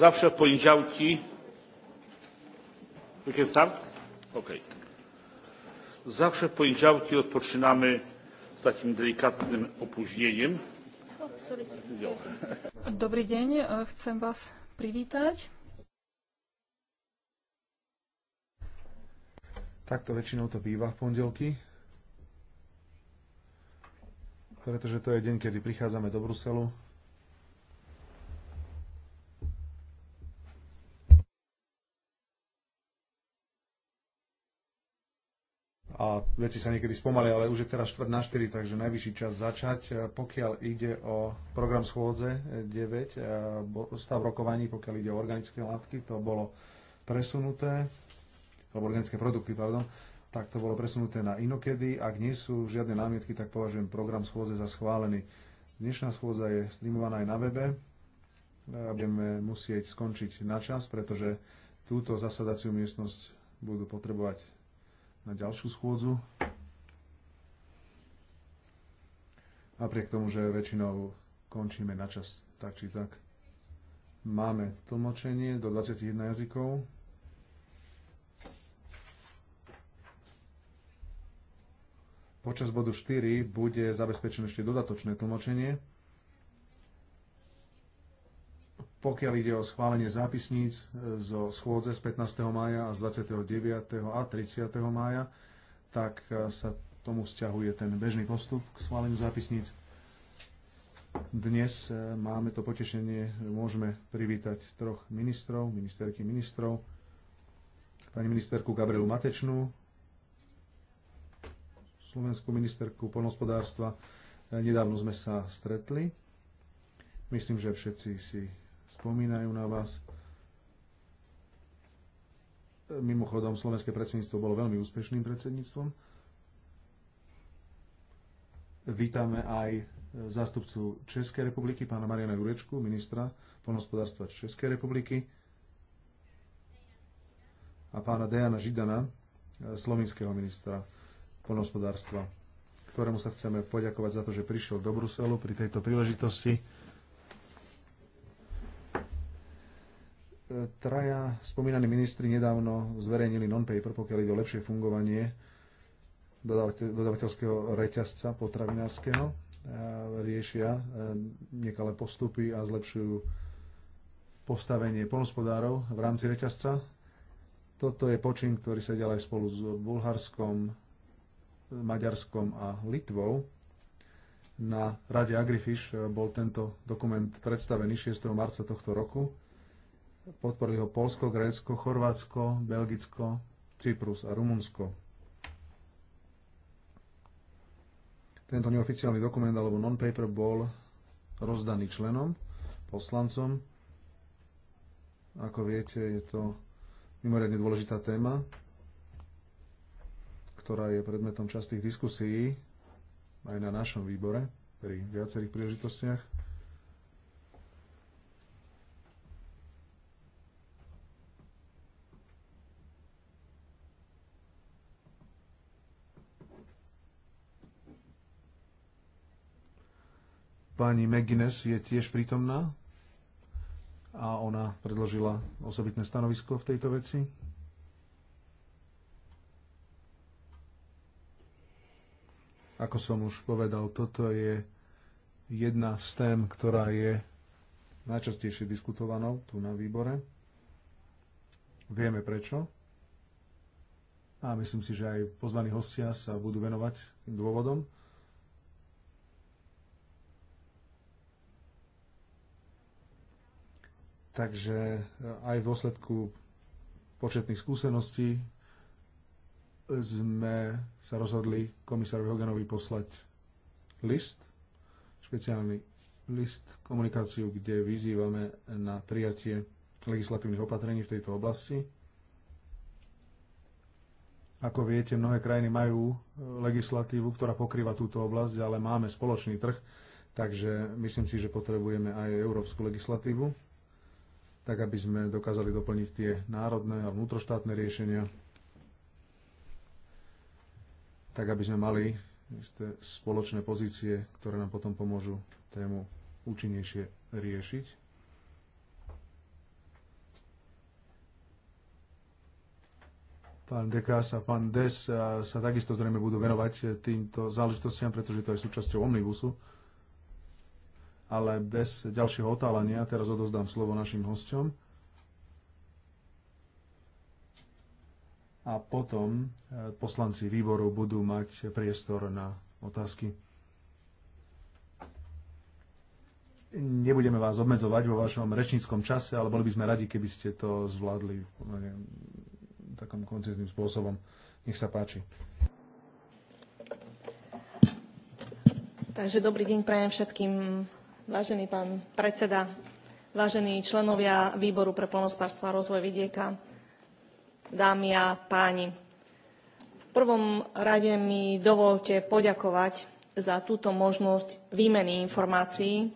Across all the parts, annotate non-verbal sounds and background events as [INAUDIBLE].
zawsze w poniedziałki okay. zawsze w poniedziałki rozpoczynamy takim delikatnym opóźnieniem. Dobry dzień, e, chcę Was przywitać. Tak to väčšinou to býva v pondelky, pretože to je deň, kedy prichádzame do Bruselu a veci sa niekedy spomalia, ale už je teraz čtvrt na 4, takže najvyšší čas začať. E, pokiaľ ide o program schôdze 9, e, e, stav rokovaní, pokiaľ ide o organické látky, to bolo presunuté, alebo organické produkty, pardon, tak to bolo presunuté na inokedy. Ak nie sú žiadne námietky, tak považujem program schôdze za schválený. Dnešná schôdza je streamovaná aj na webe. Budeme musieť skončiť na čas, pretože túto zasadaciu miestnosť budú potrebovať na ďalšiu schôdzu. Napriek tomu, že väčšinou končíme na čas tak či tak. Máme tlmočenie do 21 jazykov. Počas bodu 4 bude zabezpečené ešte dodatočné tlmočenie. Pokiaľ ide o schválenie zápisníc e, zo schôdze z 15. mája a z 29. a 30. mája, tak e, sa tomu vzťahuje ten bežný postup k schváleniu zápisníc. Dnes e, máme to potešenie, že môžeme privítať troch ministrov, ministerky ministrov, pani ministerku Gabrielu Matečnú, slovenskú ministerku poľnohospodárstva. Nedávno sme sa stretli. Myslím, že všetci si spomínajú na vás. Mimochodom, slovenské predsedníctvo bolo veľmi úspešným predsedníctvom. Vítame aj zástupcu Českej republiky, pána Mariana Jurečku, ministra poľnohospodárstva Českej republiky a pána Dejana Židana, slovinského ministra poľnohospodárstva, ktorému sa chceme poďakovať za to, že prišiel do Bruselu pri tejto príležitosti. traja spomínaní ministri nedávno zverejnili non-paper, pokiaľ ide o lepšie fungovanie dodavateľského reťazca potravinárskeho. Riešia e, nekalé postupy a zlepšujú postavenie polnospodárov v rámci reťazca. Toto je počin, ktorý sa ďalej spolu s Bulharskom, Maďarskom a Litvou. Na Rade Agrifish bol tento dokument predstavený 6. marca tohto roku Podporili ho Polsko, Grécko, Chorvátsko, Belgicko, Cyprus a Rumunsko. Tento neoficiálny dokument alebo non-paper bol rozdaný členom, poslancom. Ako viete, je to mimoriadne dôležitá téma, ktorá je predmetom častých diskusí aj na našom výbore pri viacerých príležitostiach. Pani McGuinness je tiež prítomná a ona predložila osobitné stanovisko v tejto veci. Ako som už povedal, toto je jedna z tém, ktorá je najčastejšie diskutovanou tu na výbore. Vieme prečo. A myslím si, že aj pozvaní hostia sa budú venovať tým dôvodom. Takže eh, aj v dôsledku početných skúseností sme sa rozhodli komisárovi Hoganovi poslať list, špeciálny list, komunikáciu, kde vyzývame na prijatie legislatívnych opatrení v tejto oblasti. Ako viete, mnohé krajiny majú eh, legislatívu, ktorá pokrýva túto oblasť, ale máme spoločný trh, takže myslím si, že potrebujeme aj európsku legislatívu tak aby sme dokázali doplniť tie národné a vnútroštátne riešenia, tak aby sme mali isté spoločné pozície, ktoré nám potom pomôžu tému účinnejšie riešiť. Pán Dekas a pán Des sa takisto zrejme budú venovať týmto záležitostiam, pretože to je súčasťou omnibusu ale bez ďalšieho otálenia teraz odozdám slovo našim hosťom. A potom e, poslanci výboru budú mať priestor na otázky. Nebudeme vás obmedzovať vo vašom rečníckom čase, ale boli by sme radi, keby ste to zvládli e, takým koncizným spôsobom. Nech sa páči. Takže dobrý deň prajem všetkým vážený pán predseda, vážení členovia Výboru pre plnospárstvo a rozvoj vidieka, dámy a páni. V prvom rade mi dovolte poďakovať za túto možnosť výmeny informácií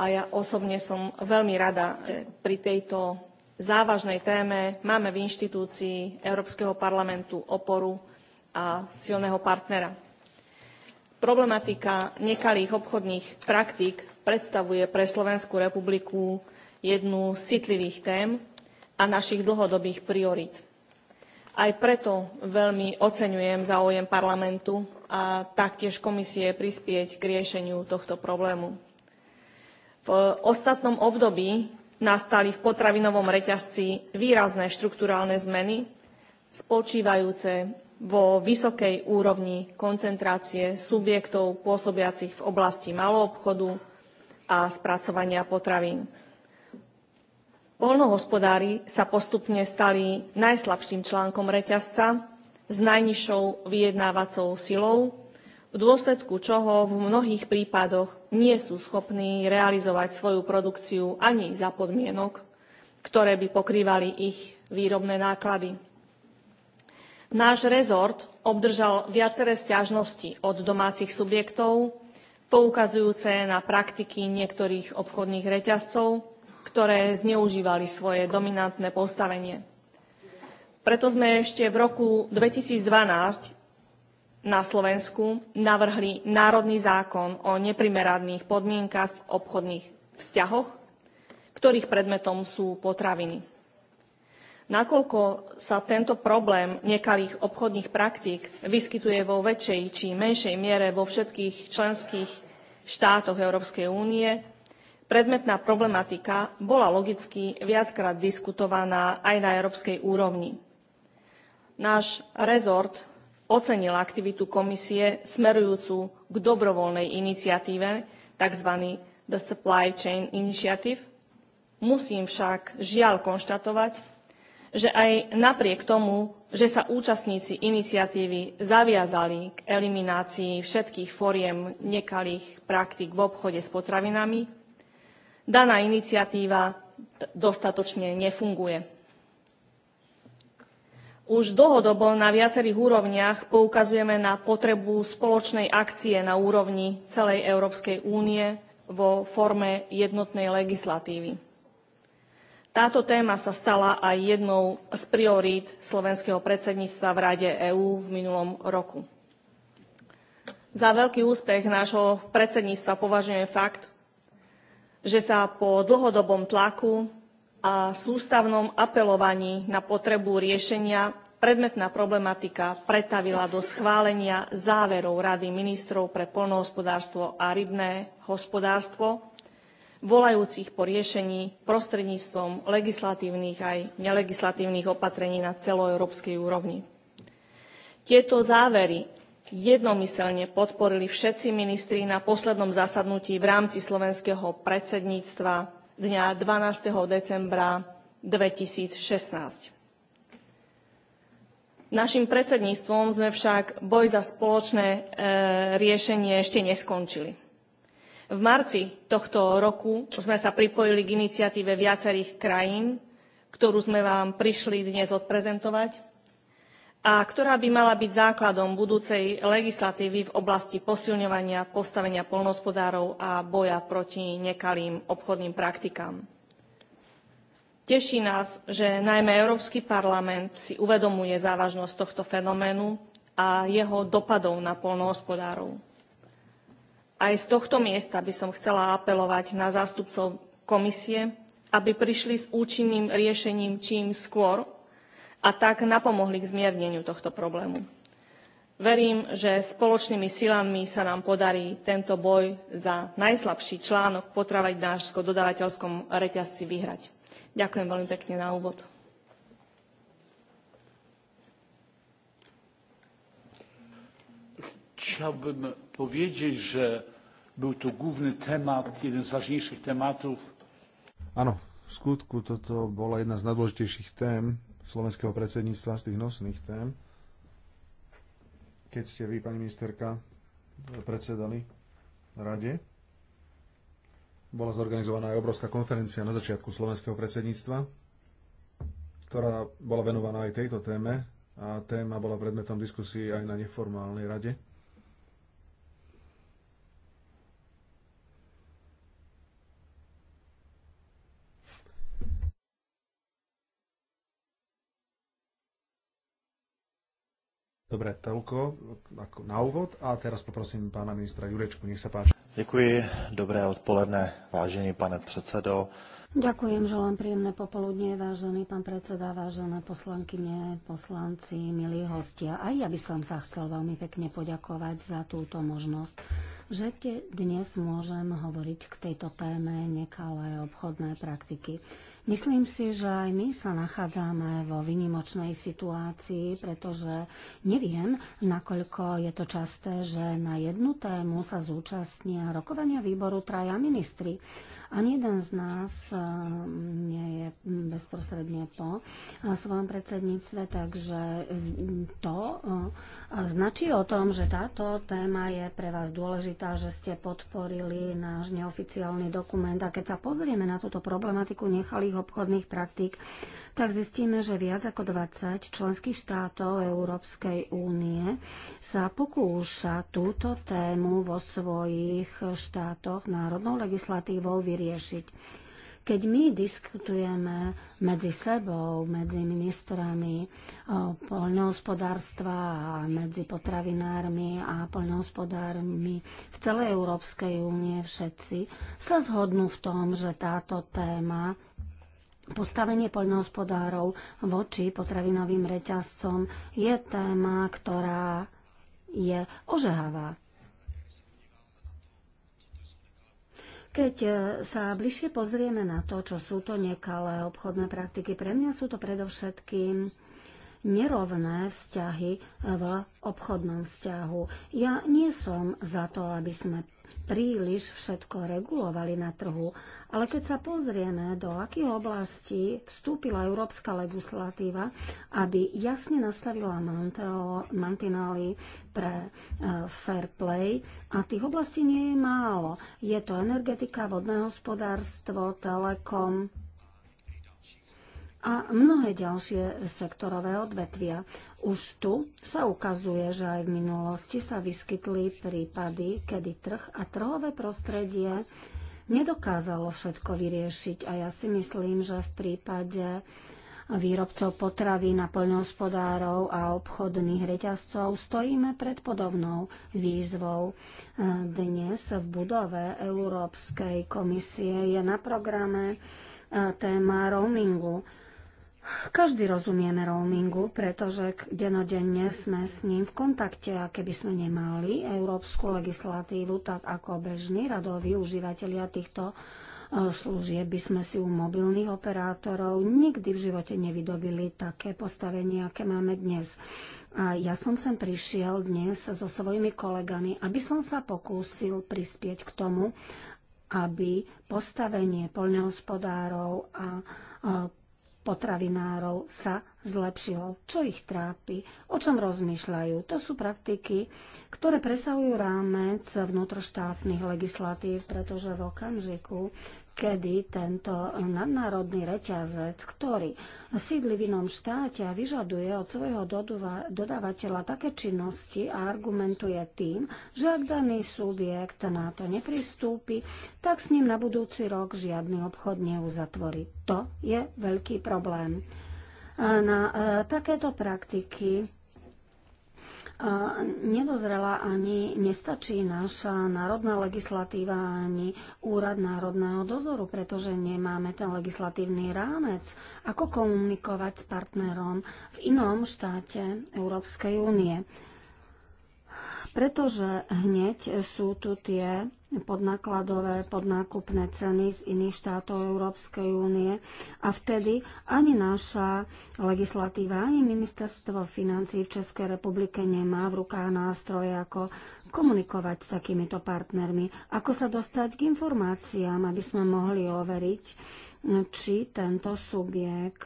a ja osobne som veľmi rada, že pri tejto závažnej téme máme v inštitúcii Európskeho parlamentu oporu a silného partnera. Problematika nekalých obchodných praktík predstavuje pre Slovenskú republiku jednu z citlivých tém a našich dlhodobých priorít. Aj preto veľmi oceňujem záujem parlamentu a taktiež komisie prispieť k riešeniu tohto problému. V ostatnom období nastali v potravinovom reťazci výrazné štrukturálne zmeny, spočívajúce vo vysokej úrovni koncentrácie subjektov pôsobiacich v oblasti maloobchodu, a spracovania potravín. Poľnohospodári sa postupne stali najslabším článkom reťazca s najnižšou vyjednávacou silou, v dôsledku čoho v mnohých prípadoch nie sú schopní realizovať svoju produkciu ani za podmienok, ktoré by pokrývali ich výrobné náklady. Náš rezort obdržal viaceré stiažnosti od domácich subjektov, poukazujúce na praktiky niektorých obchodných reťazcov, ktoré zneužívali svoje dominantné postavenie. Preto sme ešte v roku 2012 na Slovensku navrhli Národný zákon o neprimeradných podmienkach v obchodných vzťahoch, ktorých predmetom sú potraviny nakoľko sa tento problém nekalých obchodných praktík vyskytuje vo väčšej či menšej miere vo všetkých členských štátoch Európskej únie, predmetná problematika bola logicky viackrát diskutovaná aj na európskej úrovni. Náš rezort ocenil aktivitu komisie smerujúcu k dobrovoľnej iniciatíve, tzv. The Supply Chain Initiative. Musím však žiaľ konštatovať, že aj napriek tomu, že sa účastníci iniciatívy zaviazali k eliminácii všetkých foriem nekalých praktik v obchode s potravinami, daná iniciatíva dostatočne nefunguje. Už dlhodobo na viacerých úrovniach poukazujeme na potrebu spoločnej akcie na úrovni celej Európskej únie vo forme jednotnej legislatívy táto téma sa stala aj jednou z priorít slovenského predsedníctva v Rade EÚ v minulom roku. Za veľký úspech nášho predsedníctva považujem fakt, že sa po dlhodobom tlaku a sústavnom apelovaní na potrebu riešenia predmetná problematika pretavila do schválenia záverov Rady ministrov pre poľnohospodárstvo a rybné hospodárstvo volajúcich po riešení prostredníctvom legislatívnych aj nelegislatívnych opatrení na celoeurópskej úrovni. Tieto závery jednomyseľne podporili všetci ministri na poslednom zasadnutí v rámci slovenského predsedníctva dňa 12. decembra 2016. Našim predsedníctvom sme však boj za spoločné e, riešenie ešte neskončili v marci tohto roku sme sa pripojili k iniciatíve viacerých krajín, ktorú sme vám prišli dnes odprezentovať a ktorá by mala byť základom budúcej legislatívy v oblasti posilňovania postavenia poľnohospodárov a boja proti nekalým obchodným praktikám. Teší nás, že najmä Európsky parlament si uvedomuje závažnosť tohto fenoménu a jeho dopadov na poľnohospodárov. Aj z tohto miesta by som chcela apelovať na zástupcov komisie, aby prišli s účinným riešením čím skôr a tak napomohli k zmierneniu tohto problému. Verím, že spoločnými silami sa nám podarí tento boj za najslabší článok potravinárskom dodávateľskom reťazci vyhrať. Ďakujem veľmi pekne na úvod. Chciałbym powiedzieć, że był to główny temat, jeden z ważniejszych tematów. Áno, v skutku toto bola jedna z najdôležitejších tém slovenského predsedníctva, z tých nosných tém, keď ste vy, pani ministerka, predsedali rade. Bola zorganizovaná aj obrovská konferencia na začiatku slovenského predsedníctva, ktorá bola venovaná aj tejto téme a téma bola predmetom diskusie aj na neformálnej rade Dobre, toľko ako na úvod a teraz poprosím pána ministra Jurečku, nech sa páči. Děkuji, dobré odpoledne, vážený pane předsedo. Ďakujem, želám príjemné popoludne, vážený pán predseda, vážené poslankyne, poslanci, milí hostia. Aj ja by som sa chcel veľmi pekne poďakovať za túto možnosť, že te dnes môžem hovoriť k tejto téme nekalé obchodné praktiky. Myslím si, že aj my sa nachádzame vo vynimočnej situácii, pretože neviem, nakoľko je to časté, že na jednu tému sa zúčastnia rokovania výboru traja ministri. Ani jeden z nás eh, nie je bezprostredne po eh, svojom predsedníctve, takže mm, to eh, značí o tom, že táto téma je pre vás dôležitá, že ste podporili náš neoficiálny dokument. A keď sa pozrieme na túto problematiku nechalých obchodných praktík, tak zistíme, že viac ako 20 členských štátov Európskej únie sa pokúša túto tému vo svojich štátoch národnou legislatívou vyriešiť. Keď my diskutujeme medzi sebou, medzi ministrami eh, poľnohospodárstva a medzi potravinármi a poľnohospodármi v celej Európskej únie všetci sa zhodnú v tom, že táto téma Postavenie poľnohospodárov voči potravinovým reťazcom je téma, ktorá je ožehavá. Keď e, sa bližšie pozrieme na to, čo sú to nekalé obchodné praktiky, pre mňa sú to predovšetkým nerovné vzťahy v obchodnom vzťahu. Ja nie som za to, aby sme príliš všetko regulovali na trhu. Ale keď sa pozrieme, do akých oblastí vstúpila európska legislatíva, aby jasne nastavila mantinály pre e, fair play, a tých oblastí nie je málo. Je to energetika, vodné hospodárstvo, telekom, a mnohé ďalšie sektorové odvetvia. Už tu sa ukazuje, že aj v minulosti sa vyskytli prípady, kedy trh a trhové prostredie nedokázalo všetko vyriešiť a ja si myslím, že v prípade výrobcov potravy, na poľnohospodárov a obchodných reťazcov stojíme pred podobnou výzvou. Dnes v budove Európskej komisie je na programe e, téma roamingu každý rozumieme roamingu, pretože denodenne sme s ním v kontakte a keby sme nemali európsku legislatívu, tak ako bežní radoví užívateľia týchto e, služieb by sme si u mobilných operátorov nikdy v živote nevydobili také postavenie, aké máme dnes. A ja som sem prišiel dnes so svojimi kolegami, aby som sa pokúsil prispieť k tomu, aby postavenie poľnohospodárov a e, potravinárov sa zlepšilo. Čo ich trápi? O čom rozmýšľajú? To sú praktiky, ktoré presahujú rámec vnútroštátnych legislatív, pretože v okamžiku, kedy tento nadnárodný reťazec, ktorý sídli v inom štáte a vyžaduje od svojho dodávateľa také činnosti a argumentuje tým, že ak daný subjekt na to nepristúpi, tak s ním na budúci rok žiadny obchod neuzatvorí. To je veľký problém. Na e, takéto praktiky nedozrela ani nestačí naša národná legislatíva ani úrad národného dozoru, pretože nemáme ten legislatívny rámec, ako komunikovať s partnerom v inom štáte Európskej únie. Pretože hneď sú tu tie podnákladové, podnákupné ceny z iných štátov Európskej únie a vtedy ani naša legislatíva, ani ministerstvo financí v Českej republike nemá v rukách nástroje, ako komunikovať s takýmito partnermi, ako sa dostať k informáciám, aby sme mohli overiť, či tento subjekt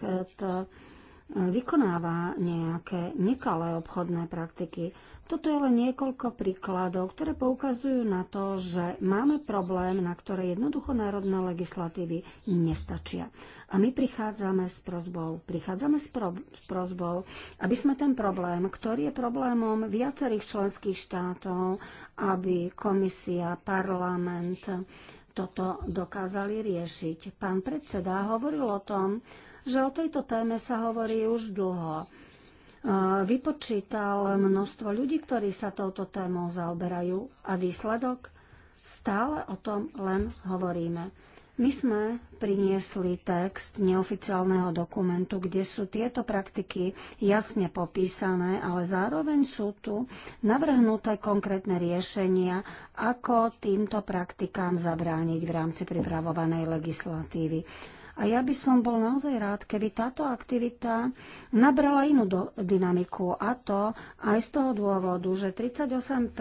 vykonáva nejaké nekalé obchodné praktiky. Toto je len niekoľko príkladov, ktoré poukazujú na to, že máme problém, na ktoré jednoducho národné legislatívy nestačia. A my prichádzame s prozbou, prichádzame s, pro, s prozbou, aby sme ten problém, ktorý je problémom viacerých členských štátov, aby komisia, parlament toto dokázali riešiť. Pán predseda hovoril o tom, že o tejto téme sa hovorí už dlho. Vypočítal množstvo ľudí, ktorí sa touto témou zaoberajú a výsledok stále o tom len hovoríme. My sme priniesli text neoficiálneho dokumentu, kde sú tieto praktiky jasne popísané, ale zároveň sú tu navrhnuté konkrétne riešenia, ako týmto praktikám zabrániť v rámci pripravovanej legislatívy. A ja by som bol naozaj rád, keby táto aktivita nabrala inú do, dynamiku. A to aj z toho dôvodu, že 38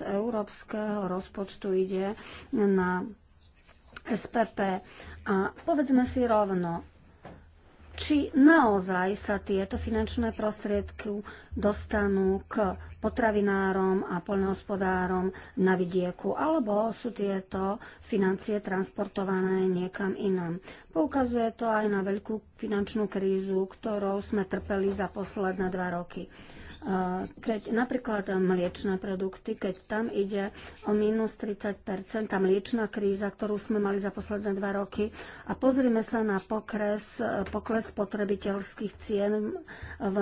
európskeho rozpočtu ide na SPP. A povedzme si rovno, či naozaj sa tieto finančné prostriedky dostanú k potravinárom a poľnohospodárom na vidieku, alebo sú tieto financie transportované niekam inam. Poukazuje to aj na veľkú finančnú krízu, ktorou sme trpeli za posledné dva roky. Keď napríklad mliečne produkty, keď tam ide o minus 30 tá mliečna kríza, ktorú sme mali za posledné dva roky, a pozrime sa na pokres, pokles spotrebiteľských cien v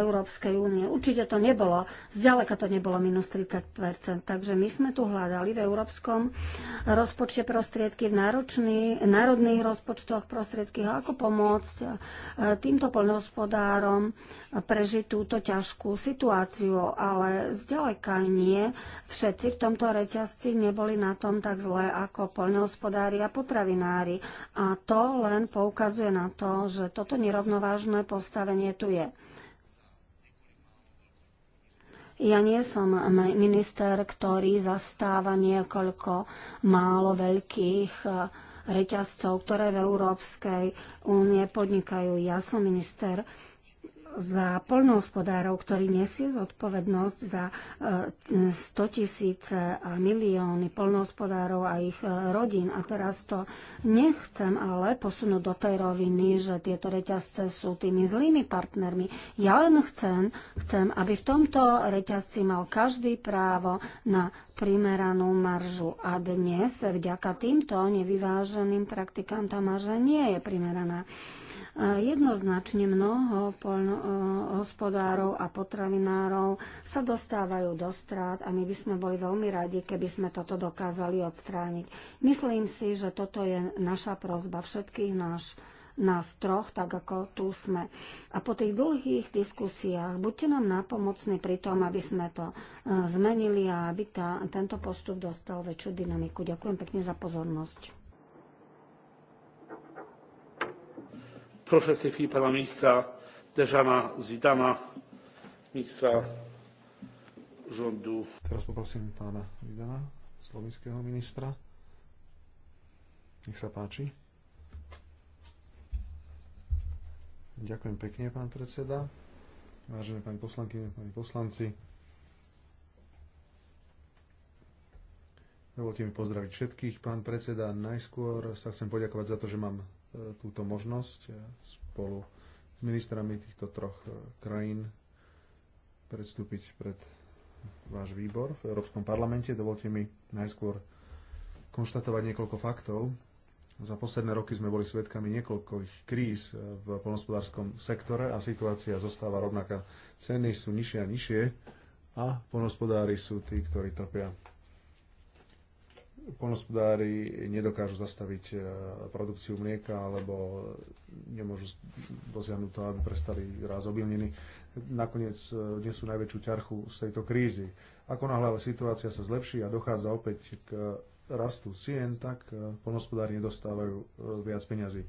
Európskej únie. Určite to nebolo, zďaleka to nebolo minus 30 takže my sme tu hľadali v európskom rozpočte prostriedky, v náročný, národných rozpočtoch prostriedky, ako pomôcť e, týmto poľnohospodárom prežiť túto ťažkú situáciu, ale zďaleka nie. Všetci v tomto reťazci neboli na tom tak zle ako poľnohospodári a potravinári. A to len poukazuje na to, že toto nerovnovážne postavenie tu je. Ja nie som minister, ktorý zastáva niekoľko málo veľkých e, reťazcov, ktoré v Európskej únie podnikajú. Ja som minister, za poľnohospodárov, ktorí nesie zodpovednosť za 100 e, tisíce a milióny poľnohospodárov a ich e, rodín. A teraz to nechcem ale posunúť do tej roviny, že tieto reťazce sú tými zlými partnermi. Ja len chcem, chcem, aby v tomto reťazci mal každý právo na primeranú maržu. A dnes vďaka týmto nevyváženým praktikám tá marža nie je primeraná. Jednoznačne mnoho hospodárov a potravinárov sa dostávajú do strát a my by sme boli veľmi radi, keby sme toto dokázali odstrániť. Myslím si, že toto je naša prozba všetkých náš nás troch, tak ako tu sme. A po tých dlhých diskusiách buďte nám nápomocní pri tom, aby sme to e, zmenili a aby tá, tento postup dostal väčšiu dynamiku. Ďakujem pekne za pozornosť. Proszę w tej chwili pana ministra Deżana Zidana, ministra rządu. Teraz poprosím pána Zidana, slovenského ministra. Nech sa páči. Ďakujem pekne, pán predseda. Vážené pani poslanky, pani poslanci. Dovolte mi pozdraviť všetkých. Pán predseda, najskôr sa chcem poďakovať za to, že mám E, túto možnosť e, spolu s ministrami týchto troch e, krajín predstúpiť pred váš výbor v Európskom parlamente. Dovolte mi najskôr konštatovať niekoľko faktov. Za posledné roky sme boli svedkami niekoľkých kríz v polnospodárskom sektore a situácia zostáva rovnaká. Ceny sú nižšie a nižšie a polnospodári sú tí, ktorí trpia polnospodári nedokážu zastaviť e, produkciu mlieka alebo nemôžu dosiahnuť to, aby prestali raz obilniny. Nakoniec e, nesú najväčšiu ťarchu z tejto krízy. Ako náhle situácia sa zlepší a dochádza opäť k rastu cien, tak e, polnospodári nedostávajú viac peňazí.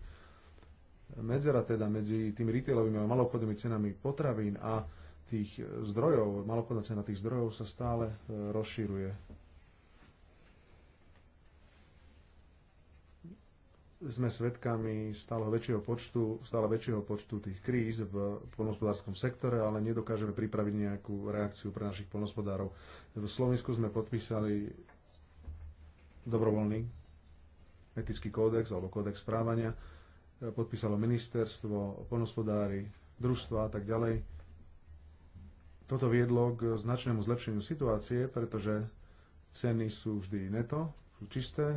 Medzera teda medzi tými retailovými a maloobchodnými cenami potravín a tých zdrojov, malopodná cena tých zdrojov sa stále rozšíruje sme svedkami stále väčšieho počtu, stále väčšieho počtu tých kríz v polnospodárskom sektore, ale nedokážeme pripraviť nejakú reakciu pre našich poľnohospodárov. V Slovensku sme podpísali dobrovoľný etický kódex alebo kódex správania. Podpísalo ministerstvo, poľnohospodári, družstva a tak ďalej. Toto viedlo k značnému zlepšeniu situácie, pretože ceny sú vždy neto, čisté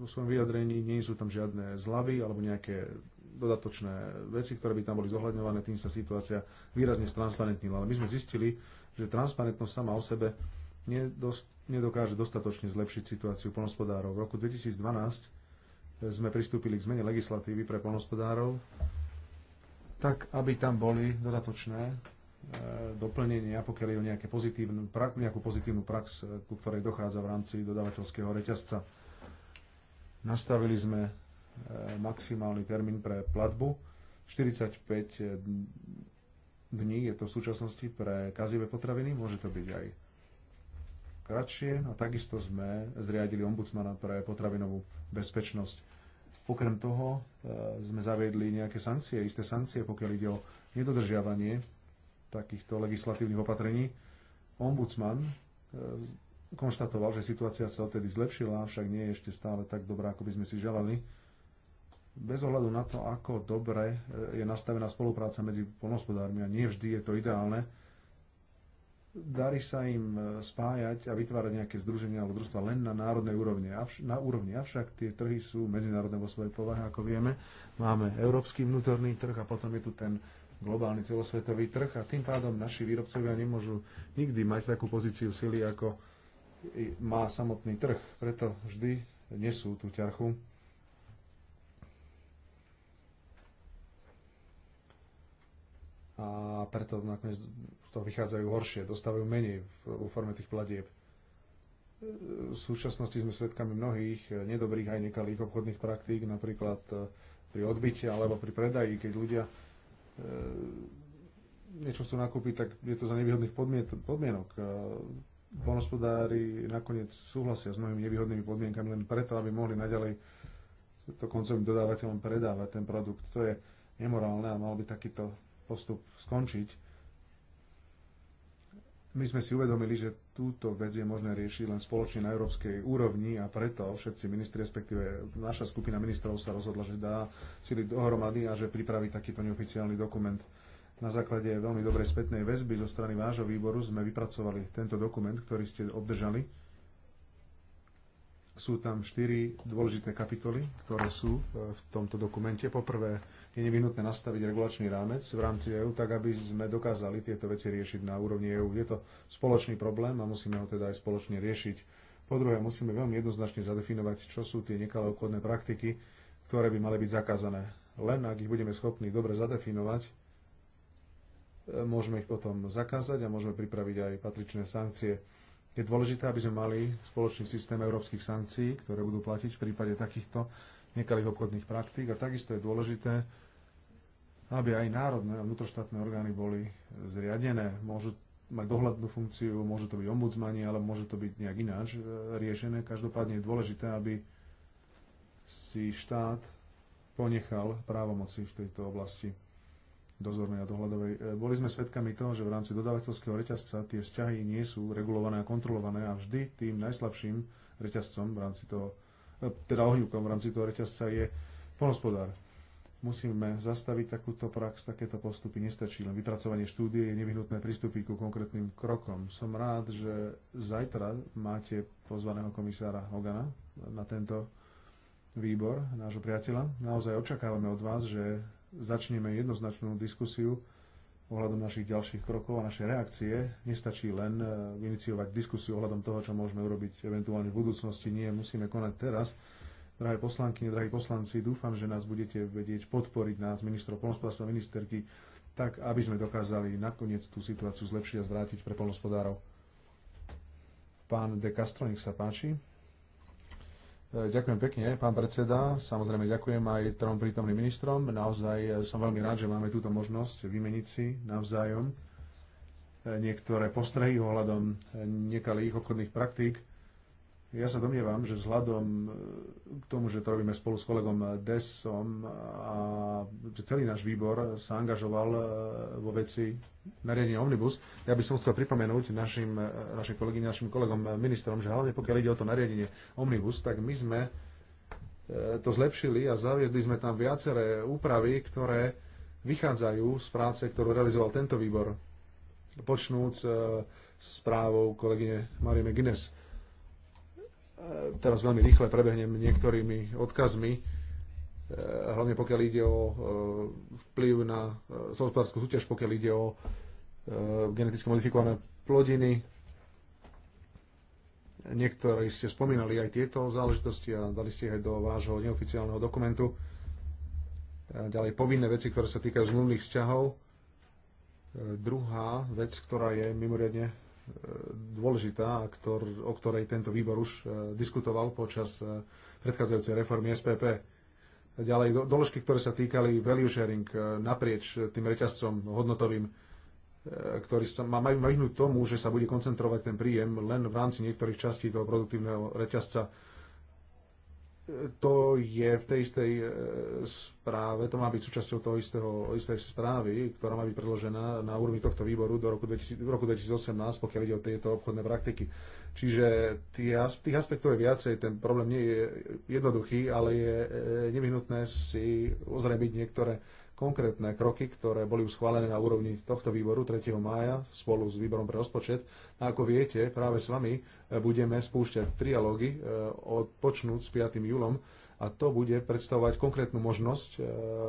vo svojom vyjadrení, nie sú tam žiadne zlavy alebo nejaké dodatočné veci, ktoré by tam boli zohľadňované, tým sa situácia výrazne stransparentnila. Ale my sme zistili, že transparentnosť sama o sebe nedokáže dostatočne zlepšiť situáciu polnospodárov. V roku 2012 sme pristúpili k zmene legislatívy pre polnospodárov, tak aby tam boli dodatočné E, doplnenia, pokiaľ je o nejaké pozitívnu, nejakú pozitívnu prax, e, ku ktorej dochádza v rámci dodávateľského reťazca. Nastavili sme e, maximálny termín pre platbu 45 dní, je to v súčasnosti pre kazivé potraviny, môže to byť aj kratšie a takisto sme zriadili ombudsmana pre potravinovú bezpečnosť. Okrem toho sme zaviedli nejaké sankcie, isté sankcie, pokiaľ ide o nedodržiavanie takýchto legislatívnych opatrení. Ombudsman e, konštatoval, že situácia sa odtedy zlepšila, avšak nie je ešte stále tak dobrá, ako by sme si želali. Bez ohľadu na to, ako dobre e, je nastavená spolupráca medzi polnospodármi, a nie vždy je to ideálne, darí sa im e, spájať a vytvárať nejaké združenia alebo družstva len na národnej úrovni. na úrovni. Avšak tie trhy sú medzinárodné vo svojej povahe, ako vieme. Máme európsky vnútorný trh a potom je tu ten globálny celosvetový trh a tým pádom naši výrobcovia nemôžu nikdy mať takú pozíciu sily, ako má samotný trh. Preto vždy nesú tú ťarchu. A preto nakoniec z toho vychádzajú horšie, dostávajú menej vo forme tých platieb. V súčasnosti sme svedkami mnohých nedobrých aj nekalých obchodných praktík, napríklad eh, pri odbite alebo pri predaji, keď ľudia E, niečo chcú nakúpiť, tak je to za nevýhodných podmienok. E, Polnospodári nakoniec súhlasia s mnohými nevýhodnými podmienkami len preto, aby mohli naďalej to koncovým dodávateľom predávať ten produkt. To je nemorálne a mal by takýto postup skončiť my sme si uvedomili, že túto vec je možné riešiť len spoločne na európskej úrovni a preto všetci ministri, respektíve naša skupina ministrov sa rozhodla, že dá sily dohromady a že pripraví takýto neoficiálny dokument. Na základe veľmi dobrej spätnej väzby zo strany vášho výboru sme vypracovali tento dokument, ktorý ste obdržali sú tam štyri dôležité kapitoly, ktoré sú e, v tomto dokumente. Poprvé je nevyhnutné nastaviť regulačný rámec v rámci EÚ, tak aby sme dokázali tieto veci riešiť na úrovni EÚ. Je to spoločný problém a musíme ho teda aj spoločne riešiť. Po druhé, musíme veľmi jednoznačne zadefinovať, čo sú tie nekalé obchodné praktiky, ktoré by mali byť zakázané. Len ak ich budeme schopní dobre zadefinovať, e, môžeme ich potom zakázať a môžeme pripraviť aj patričné sankcie. Je dôležité, aby sme mali spoločný systém európskych sankcií, ktoré budú platiť v prípade takýchto nekalých obchodných praktík a takisto je dôležité, aby aj národné a vnútroštátne orgány boli zriadené. Môžu mať dohľadnú funkciu, môžu to byť ombudsmani, ale môže to byť nejak ináč e, riešené. Každopádne je dôležité, aby si štát ponechal právomoci v tejto oblasti dozornej a dohľadovej. E, boli sme svedkami toho, že v rámci dodávateľského reťazca tie vzťahy nie sú regulované a kontrolované a vždy tým najslabším reťazcom v rámci toho, e, teda ohňukom v rámci toho reťazca je polnospodár. Musíme zastaviť takúto prax, takéto postupy. Nestačí len vypracovanie štúdie, je nevyhnutné pristúpiť ku konkrétnym krokom. Som rád, že zajtra máte pozvaného komisára Hogana na tento výbor, nášho priateľa. Naozaj očakávame od vás, že začneme jednoznačnú diskusiu ohľadom našich ďalších krokov a našej reakcie. Nestačí len e, iniciovať diskusiu ohľadom toho, čo môžeme urobiť eventuálne v budúcnosti. Nie, musíme konať teraz. Drahé poslanky, drahí poslanci, dúfam, že nás budete vedieť podporiť nás, ministrov polnospodárstva, ministerky, tak, aby sme dokázali nakoniec tú situáciu zlepšiť a zvrátiť pre polnospodárov. Pán De Castro, nech sa páči. E, ďakujem pekne, pán predseda. Samozrejme, ďakujem aj trom prítomným ministrom. Naozaj e, som veľmi rád, že máme túto možnosť vymeniť si navzájom e, niektoré postrehy ohľadom nekalých obchodných praktík ja sa domnievam, že vzhľadom eh, k tomu, že to robíme spolu s kolegom Desom a že celý náš výbor sa angažoval eh, vo veci nariadenia Omnibus, ja by som chcel pripomenúť našim, eh, našim kolegyne, našim kolegom ministrom, že hlavne pokiaľ ide o to nariadenie Omnibus, tak my sme to zlepšili a zaviedli sme tam viaceré úpravy, ktoré vychádzajú z práce, ktorú realizoval tento výbor, počnúc správou kolegyne Marie Guinness. E, teraz veľmi rýchle prebehnem niektorými odkazmi e, hlavne pokiaľ ide o e, vplyv na sovospodárskú súťaž, pokiaľ ide o geneticky modifikované plodiny. Niektorí ste spomínali aj tieto záležitosti a dali ste ich aj do vášho neoficiálneho dokumentu. Ďalej povinné veci, ktoré sa týkajú zmluvných vzťahov. Druhá vec, ktorá je mimoriadne dôležitá, ktor, o ktorej tento výbor už e, diskutoval počas e, predchádzajúcej reformy SPP. Ďalej doložky, ktoré sa týkali value sharing e, naprieč tým reťazcom hodnotovým, ktorí sa majú vyhnúť tomu, že sa bude koncentrovať ten príjem len v rámci niektorých častí toho produktívneho reťazca to je v tej istej e, správe, to má byť súčasťou toho istého, istej správy, ktorá má byť predložená na úrovni tohto výboru do roku, 2000, roku 2018, pokiaľ ide o tieto obchodné praktiky. Čiže tých, tých aspektov je viacej, ten problém nie je jednoduchý, ale je e, nevyhnutné si ozrebiť niektoré konkrétne kroky, ktoré boli už schválené na úrovni tohto výboru 3. mája spolu s výborom pre rozpočet. A ako viete, práve s vami e, budeme spúšťať trialógy e, od počnúť s 5. júlom a to bude predstavovať konkrétnu možnosť. E,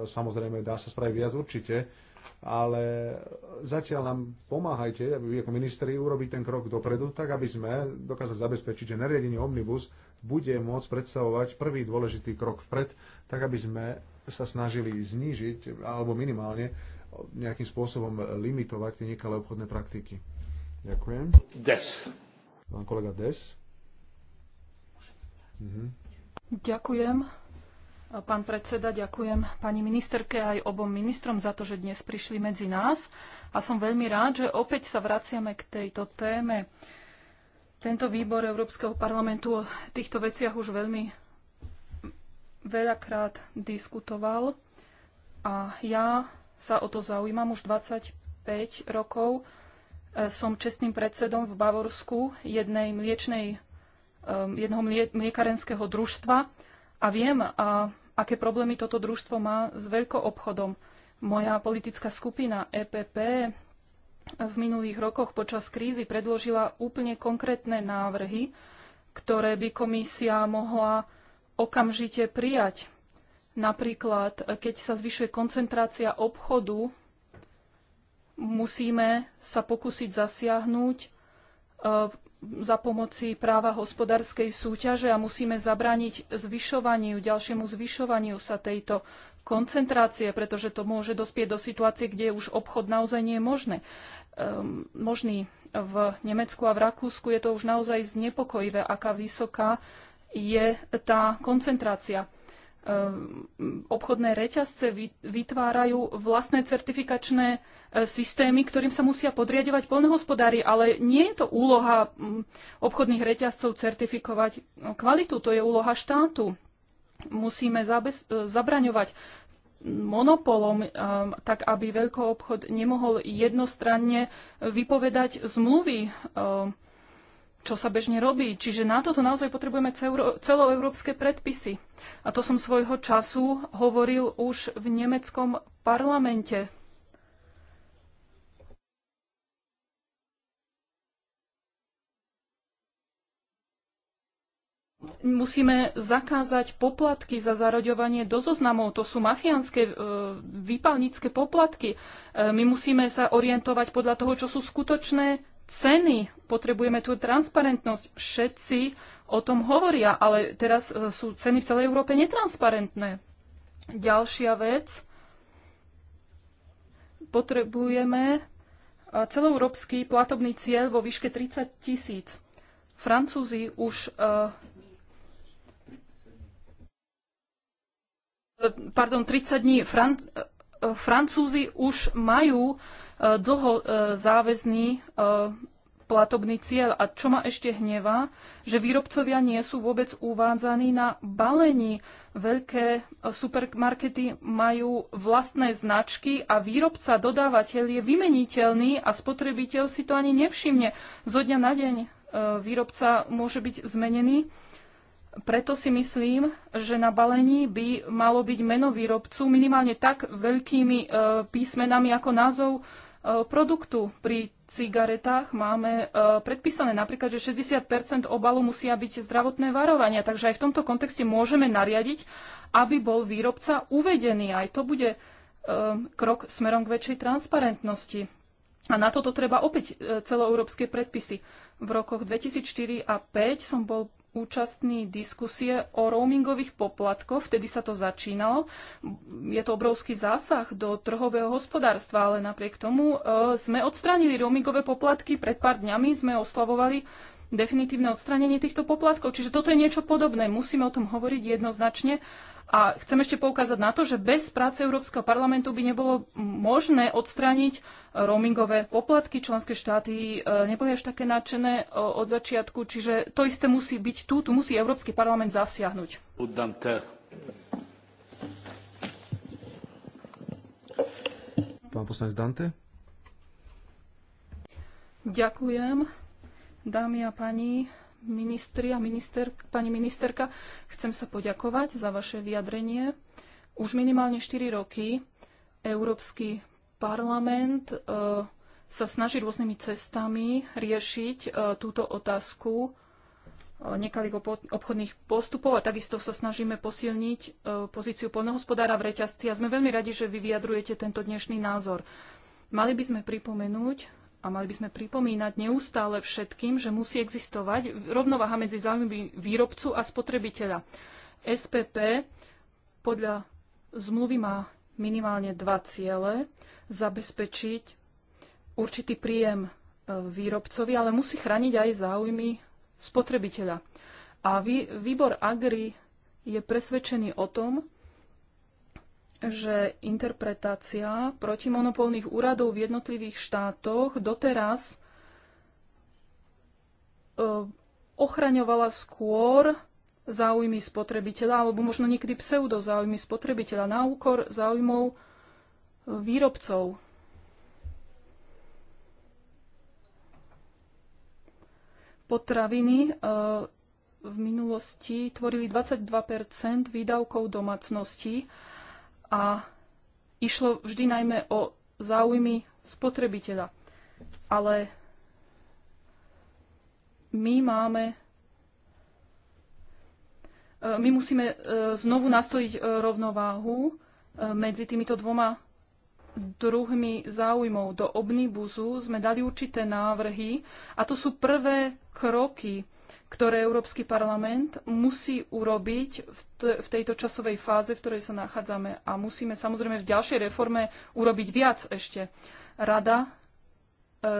samozrejme, dá sa spraviť viac určite, ale zatiaľ nám pomáhajte, aby vy ako ministri urobiť ten krok dopredu, tak aby sme dokázali zabezpečiť, že nariadenie Omnibus bude môcť predstavovať prvý dôležitý krok vpred, tak aby sme sa snažili znížiť alebo minimálne nejakým spôsobom limitovať tie nekalé obchodné praktiky. Ďakujem. Des. Pán kolega Des. Mhm. Ďakujem. Pán predseda, ďakujem pani ministerke aj obom ministrom za to, že dnes prišli medzi nás. A som veľmi rád, že opäť sa vraciame k tejto téme. Tento výbor Európskeho parlamentu o týchto veciach už veľmi veľakrát diskutoval a ja sa o to zaujímam už 25 rokov. E, som čestným predsedom v Bavorsku jednej mliečnej, jednoho mliekarenského družstva a viem, a aké problémy toto družstvo má s veľkoobchodom. Moja politická skupina EPP v minulých rokoch počas krízy predložila úplne konkrétne návrhy, ktoré by komisia mohla okamžite prijať. Napríklad, keď sa zvyšuje koncentrácia obchodu, musíme sa pokúsiť zasiahnuť e, za pomoci práva hospodárskej súťaže a musíme zabrániť zvyšovaniu, ďalšiemu zvyšovaniu sa tejto koncentrácie, pretože to môže dospieť do situácie, kde už obchod naozaj nie je možné. Ehm, možný v Nemecku a v Rakúsku je to už naozaj znepokojivé, aká vysoká je tá koncentrácia. Ehm, obchodné reťazce vytvárajú vlastné certifikačné e, systémy, ktorým sa musia podriadovať poľnohospodári, ale nie je to úloha obchodných reťazcov certifikovať no, kvalitu, to je úloha štátu. Musíme e, zabraňovať monopolom, e, tak aby veľký obchod nemohol jednostranne vypovedať zmluvy čo sa bežne robí. Čiže na toto naozaj potrebujeme celoeurópske predpisy. A to som svojho času hovoril už v nemeckom parlamente. Musíme zakázať poplatky za zaraďovanie do zoznamov. To sú mafiánske e, výpalnícke poplatky. E, my musíme sa orientovať podľa toho, čo sú skutočné ceny, potrebujeme tú transparentnosť. Všetci o tom hovoria, ale teraz e, sú ceny v celej Európe netransparentné. Ďalšia vec, potrebujeme e, celoeurópsky platobný cieľ vo výške 30 tisíc. Francúzi už e, pardon, 30 dní. Fran, Francúzi už majú dlho e, záväzný e, platobný cieľ. A čo ma ešte hnevá, že výrobcovia nie sú vôbec uvádzaní na balení. Veľké e, supermarkety majú vlastné značky a výrobca, dodávateľ je vymeniteľný a spotrebiteľ si to ani nevšimne. Zo dňa na deň výrobca môže byť zmenený. Preto si myslím, že na balení by malo byť meno výrobcu minimálne tak veľkými písmenami ako názov E, produktu. Pri cigaretách máme e, predpísané napríklad, že 60 obalu musia byť zdravotné varovania, takže aj v tomto kontexte môžeme nariadiť, aby bol výrobca uvedený. Aj to bude e, krok smerom k väčšej transparentnosti. A na toto treba opäť celoeurópske predpisy. V rokoch 2004 a 2005 som bol účastní diskusie o roamingových poplatkoch, vtedy sa to začínalo. Je to obrovský zásah do trhového hospodárstva, ale napriek tomu e, sme odstránili roamingové poplatky. Pred pár dňami sme oslavovali definitívne odstránenie týchto poplatkov. Čiže toto je niečo podobné. Musíme o tom hovoriť jednoznačne a chcem ešte poukázať na to, že bez práce Európskeho parlamentu by nebolo možné odstrániť e, roamingové poplatky. Členské štáty e, neboli až také nadšené e, od začiatku, čiže to isté musí byť tu, tu musí Európsky parlament zasiahnuť. Pán poslanec Dante. Ďakujem, dámy a pani ministri a minister, pani ministerka. Chcem sa poďakovať za vaše vyjadrenie. Už minimálne 4 roky Európsky parlament e, sa snaží rôznymi cestami riešiť e, túto otázku e, nekalých obchodných postupov a takisto sa snažíme posilniť pozíciu poľnohospodára v reťazci a sme veľmi radi, že vy vyjadrujete tento dnešný názor. Mali by sme pripomenúť, a mali by sme pripomínať neustále všetkým, že musí existovať rovnováha medzi záujmy výrobcu a spotrebiteľa. SPP podľa zmluvy má minimálne dva ciele. Zabezpečiť určitý príjem e, výrobcovi, ale musí chrániť aj záujmy spotrebiteľa. A výbor Agri je presvedčený o tom, že interpretácia protimonopolných úradov v jednotlivých štátoch doteraz e, ochraňovala skôr záujmy spotrebiteľa, alebo možno niekedy pseudo záujmy spotrebiteľa na úkor záujmov e, výrobcov. Potraviny e, v minulosti tvorili 22 výdavkov domácností a išlo vždy najmä o záujmy spotrebiteľa. Ale my máme e, my musíme e, znovu nastojiť e, rovnováhu medzi týmito dvoma druhmi záujmov. Do obnibuzu sme dali určité návrhy a to sú prvé kroky ktoré Európsky parlament musí urobiť v, v tejto časovej fáze, v ktorej sa nachádzame. A musíme samozrejme v ďalšej reforme urobiť viac ešte. Rada e,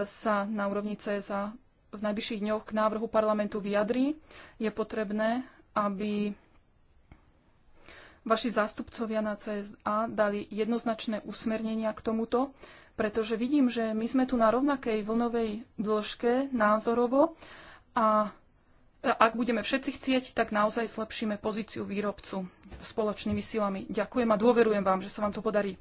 sa na úrovni CSA v najbližších dňoch k návrhu parlamentu vyjadrí. Je potrebné, aby vaši zástupcovia na CSA dali jednoznačné usmernenia k tomuto, pretože vidím, že my sme tu na rovnakej vlnovej dĺžke názorovo a ak budeme všetci chcieť, tak naozaj zlepšíme pozíciu výrobcu spoločnými silami. Ďakujem a dôverujem vám, že sa vám to podarí.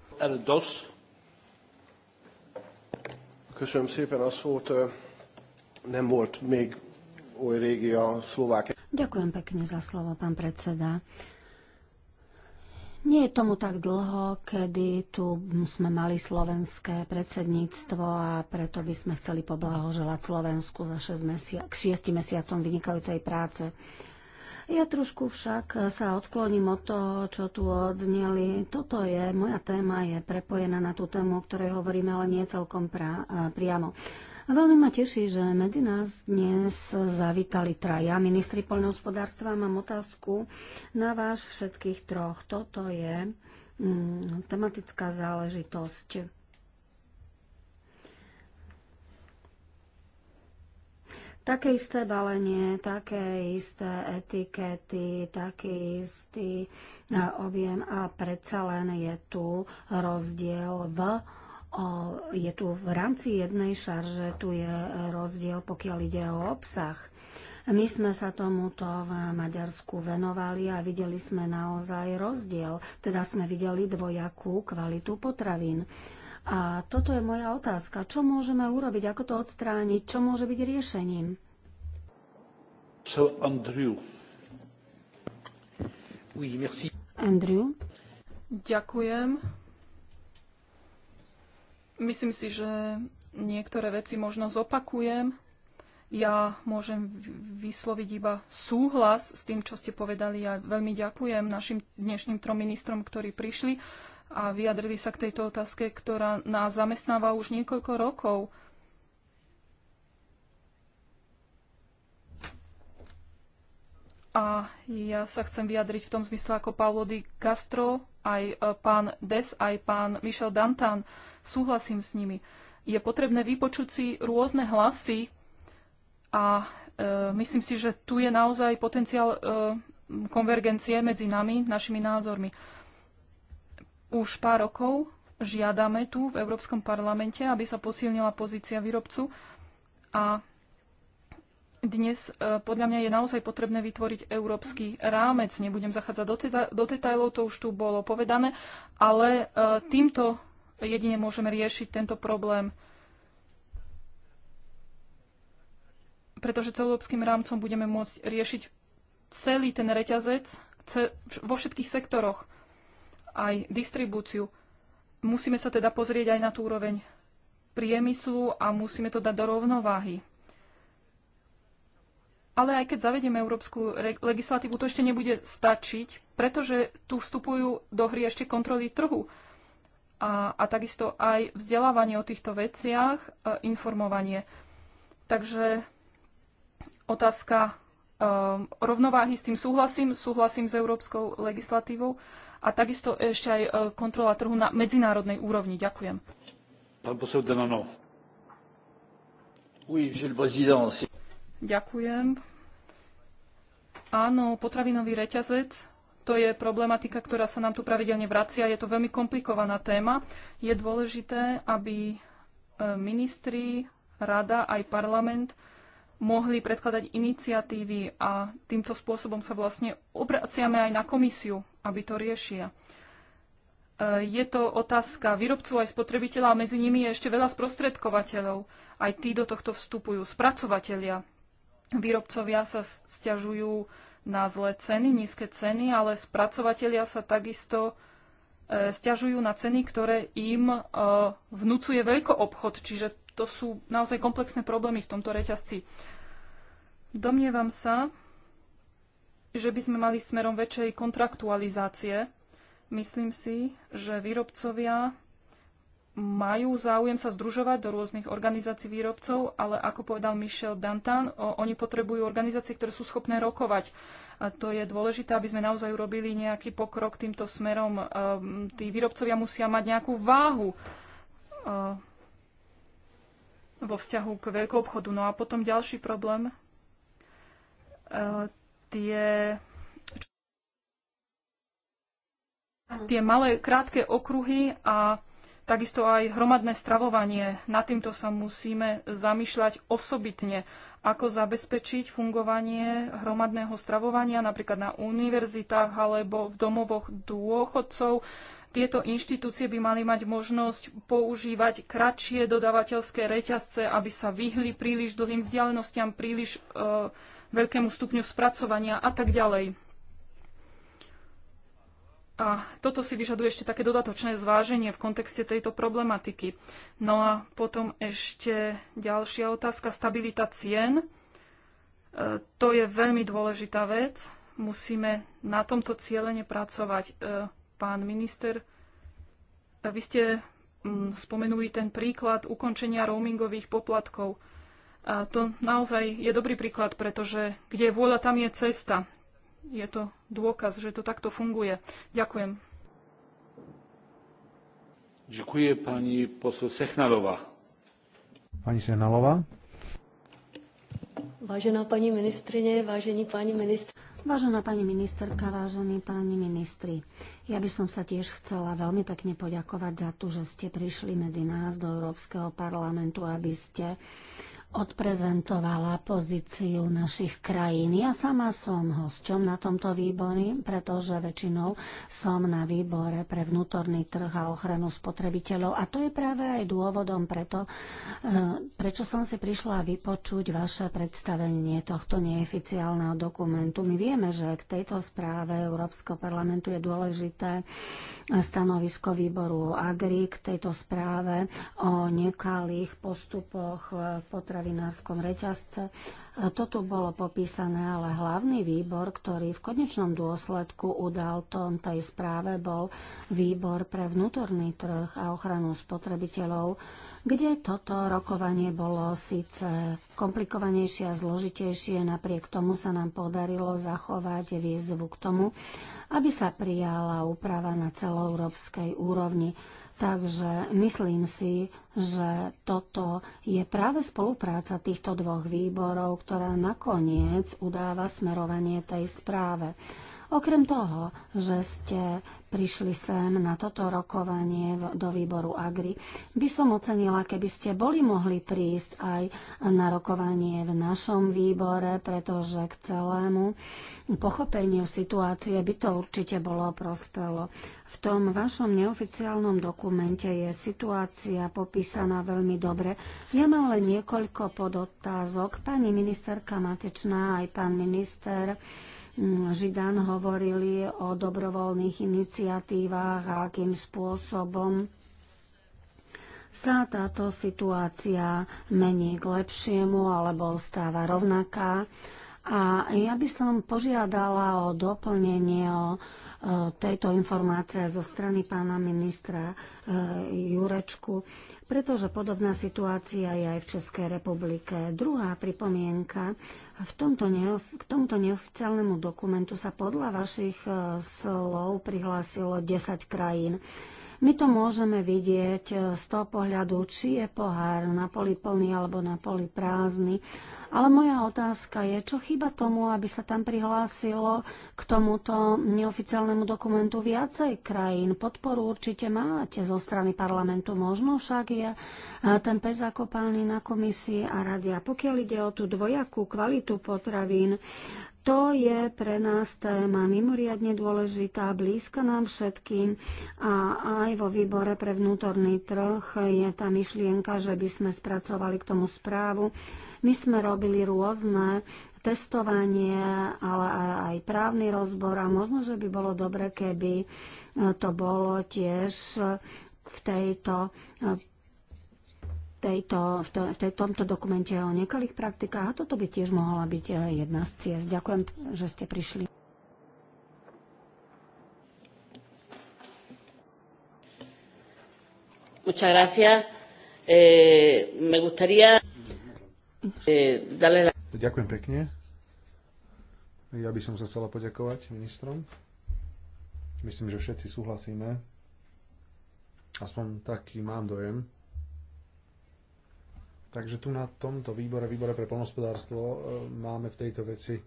Ďakujem pekne za slovo, pán predseda. Nie je tomu tak dlho, kedy tu sme mali slovenské predsedníctvo a preto by sme chceli poblahoželať Slovensku za 6 mesia- k 6 mesiacom vynikajúcej práce. Ja trošku však sa odkloním od toho, čo tu odzneli. Toto je, moja téma je prepojená na tú tému, o ktorej hovoríme, ale nie celkom pra, priamo. A veľmi ma teší, že medzi nás dnes zavítali traja ministri poľnohospodárstva. Mám otázku na vás všetkých troch. Toto je mm, tematická záležitosť. Také isté balenie, také isté etikety, taký istý objem a predsa len je tu rozdiel v je tu v rámci jednej šarže, tu je e, rozdiel, pokiaľ ide o obsah. My sme sa tomuto v Maďarsku venovali a videli sme naozaj rozdiel, teda sme videli dvojakú kvalitu potravín. A toto je moja otázka. Čo môžeme urobiť? Ako to odstrániť? Čo môže byť riešením? So Andrew. Oui, merci. Andrew. Ďakujem. Myslím si, že niektoré veci možno zopakujem. Ja môžem vysloviť iba súhlas s tým, čo ste povedali. Ja veľmi ďakujem našim dnešným trom ministrom, ktorí prišli a vyjadrili sa k tejto otázke, ktorá nás zamestnáva už niekoľko rokov. A ja sa chcem vyjadriť v tom zmysle ako Paulo Di Castro, aj e, pán Des, aj pán Michel Dantan. Súhlasím s nimi. Je potrebné vypočuť si rôzne hlasy a e, myslím si, že tu je naozaj potenciál e, konvergencie medzi nami, našimi názormi. Už pár rokov žiadame tu v Európskom parlamente, aby sa posilnila pozícia výrobcu a dnes e, podľa mňa je naozaj potrebné vytvoriť európsky rámec. Nebudem zachádzať do, deta- do detajlov, to už tu bolo povedané, ale e, týmto jedine môžeme riešiť tento problém. Pretože celoeurópskym rámcom budeme môcť riešiť celý ten reťazec ce- vo všetkých sektoroch, aj distribúciu. Musíme sa teda pozrieť aj na tú úroveň priemyslu a musíme to dať do rovnováhy. Ale aj keď zavedieme európsku legislatívu, to ešte nebude stačiť, pretože tu vstupujú do hry ešte kontroly trhu. A, a takisto aj vzdelávanie o týchto veciach, e, informovanie. Takže otázka e, rovnováhy s tým súhlasím, súhlasím s európskou legislatívou a takisto ešte aj e, kontrola trhu na medzinárodnej úrovni. Ďakujem. Pán posol Denano. Oui, monsieur le président. Ďakujem. Áno, potravinový reťazec, to je problematika, ktorá sa nám tu pravidelne vracia. Je to veľmi komplikovaná téma. Je dôležité, aby e, ministri, rada aj parlament mohli predkladať iniciatívy a týmto spôsobom sa vlastne obraciame aj na komisiu, aby to riešia. E, je to otázka výrobcu aj spotrebiteľa a medzi nimi je ešte veľa sprostredkovateľov. Aj tí do tohto vstupujú, spracovatelia, Výrobcovia sa stiažujú na zlé ceny, nízke ceny, ale spracovatelia sa takisto e, sťažujú stiažujú na ceny, ktoré im e, vnúcuje vnúcuje obchod. Čiže to sú naozaj komplexné problémy v tomto reťazci. Domnievam sa, že by sme mali smerom väčšej kontraktualizácie. Myslím si, že výrobcovia majú záujem sa združovať do rôznych organizácií výrobcov, ale ako povedal Michel Dantan, oni potrebujú organizácie, ktoré sú schopné rokovať. A to je dôležité, aby sme naozaj urobili nejaký pokrok týmto smerom. Ehm, tí výrobcovia musia mať nejakú váhu ehm, vo vzťahu k veľkou obchodu. No a potom ďalší problém. Ehm, tie tie malé, krátke okruhy a Takisto aj hromadné stravovanie. Nad týmto sa musíme zamýšľať osobitne, ako zabezpečiť fungovanie hromadného stravovania napríklad na univerzitách alebo v domovoch dôchodcov. Tieto inštitúcie by mali mať možnosť používať kratšie dodavateľské reťazce, aby sa vyhli príliš dlhým vzdialenostiam, príliš e, veľkému stupňu spracovania a tak ďalej. A toto si vyžaduje ešte také dodatočné zváženie v kontexte tejto problematiky. No a potom ešte ďalšia otázka, stabilita cien. E, to je veľmi dôležitá vec. Musíme na tomto cieľene pracovať. E, pán minister, e, vy ste mm, spomenuli ten príklad ukončenia roamingových poplatkov. A to naozaj je dobrý príklad, pretože kde je vôľa, tam je cesta je to dôkaz, že to takto funguje. Ďakujem. Ďakujem pani posol Sechnalová. Pani Sechnalová. Vážená pani ministrine, vážení páni ministri. Vážená pani ministerka, vážení páni ministri, ja by som sa tiež chcela veľmi pekne poďakovať za to, že ste prišli medzi nás do Európskeho parlamentu, aby ste odprezentovala pozíciu našich krajín. Ja sama som hosťom na tomto výbore, pretože väčšinou som na výbore pre vnútorný trh a ochranu spotrebiteľov. A to je práve aj dôvodom preto, e, prečo som si prišla vypočuť vaše predstavenie tohto neoficiálneho dokumentu. My vieme, že k tejto správe Európskeho parlamentu je dôležité stanovisko výboru AGRI k tejto správe o nekalých postupoch potravín potravinárskom reťazce. Toto bolo popísané, ale hlavný výbor, ktorý v konečnom dôsledku udal tom tej správe, bol výbor pre vnútorný trh a ochranu spotrebiteľov, kde toto rokovanie bolo síce komplikovanejšie a zložitejšie, napriek tomu sa nám podarilo zachovať výzvu k tomu, aby sa prijala úprava na celoeurópskej úrovni. Takže myslím si, že toto je práve spolupráca týchto dvoch výborov, ktorá nakoniec udáva smerovanie tej správe. Okrem toho, že ste prišli sem na toto rokovanie do výboru Agri, by som ocenila, keby ste boli mohli prísť aj na rokovanie v našom výbore, pretože k celému pochopeniu situácie by to určite bolo prospelo. V tom vašom neoficiálnom dokumente je situácia popísaná veľmi dobre. Ja mám len niekoľko podotázok. Pani ministerka Matečná aj pán minister mm, Židan hovorili o dobrovoľných iniciatívach a akým spôsobom sa táto situácia mení k lepšiemu alebo stáva rovnaká. A ja by som požiadala o doplnenie o tejto informácie zo strany pána ministra e, Jurečku, pretože podobná situácia je aj v Českej republike. Druhá pripomienka, v tomto neof- k tomuto neoficiálnemu dokumentu sa podľa vašich e, slov prihlásilo 10 krajín. My to môžeme vidieť e, z toho pohľadu, či je pohár na poli plný alebo na poli prázdny. Ale moja otázka je, čo chyba tomu, aby sa tam prihlásilo k tomuto neoficiálnemu dokumentu viacej krajín. Podporu určite máte zo strany parlamentu. Možno však je e, ten pes zakopaný na komisii a radia. Pokiaľ ide o tú dvojakú kvalitu potravín, to je pre nás téma mimoriadne dôležitá, blízka nám všetkým a aj vo výbore pre vnútorný trh je tá myšlienka, že by sme spracovali k tomu správu. My sme robili rôzne testovanie, ale aj právny rozbor a možno, že by bolo dobre, keby to bolo tiež v tejto tejto, v, to, v tej, tomto dokumente o nekalých praktikách a toto by tiež mohla byť e, jedna z ciest. Ďakujem, že ste prišli. Muchas gracias. Eh, me gustaría eh, darle la... Ďakujem pekne. Ja by som sa chcela poďakovať ministrom. Myslím, že všetci súhlasíme. Aspoň taký mám dojem. Takže tu na tomto výbore, výbore pre polnospodárstvo, e, máme v tejto veci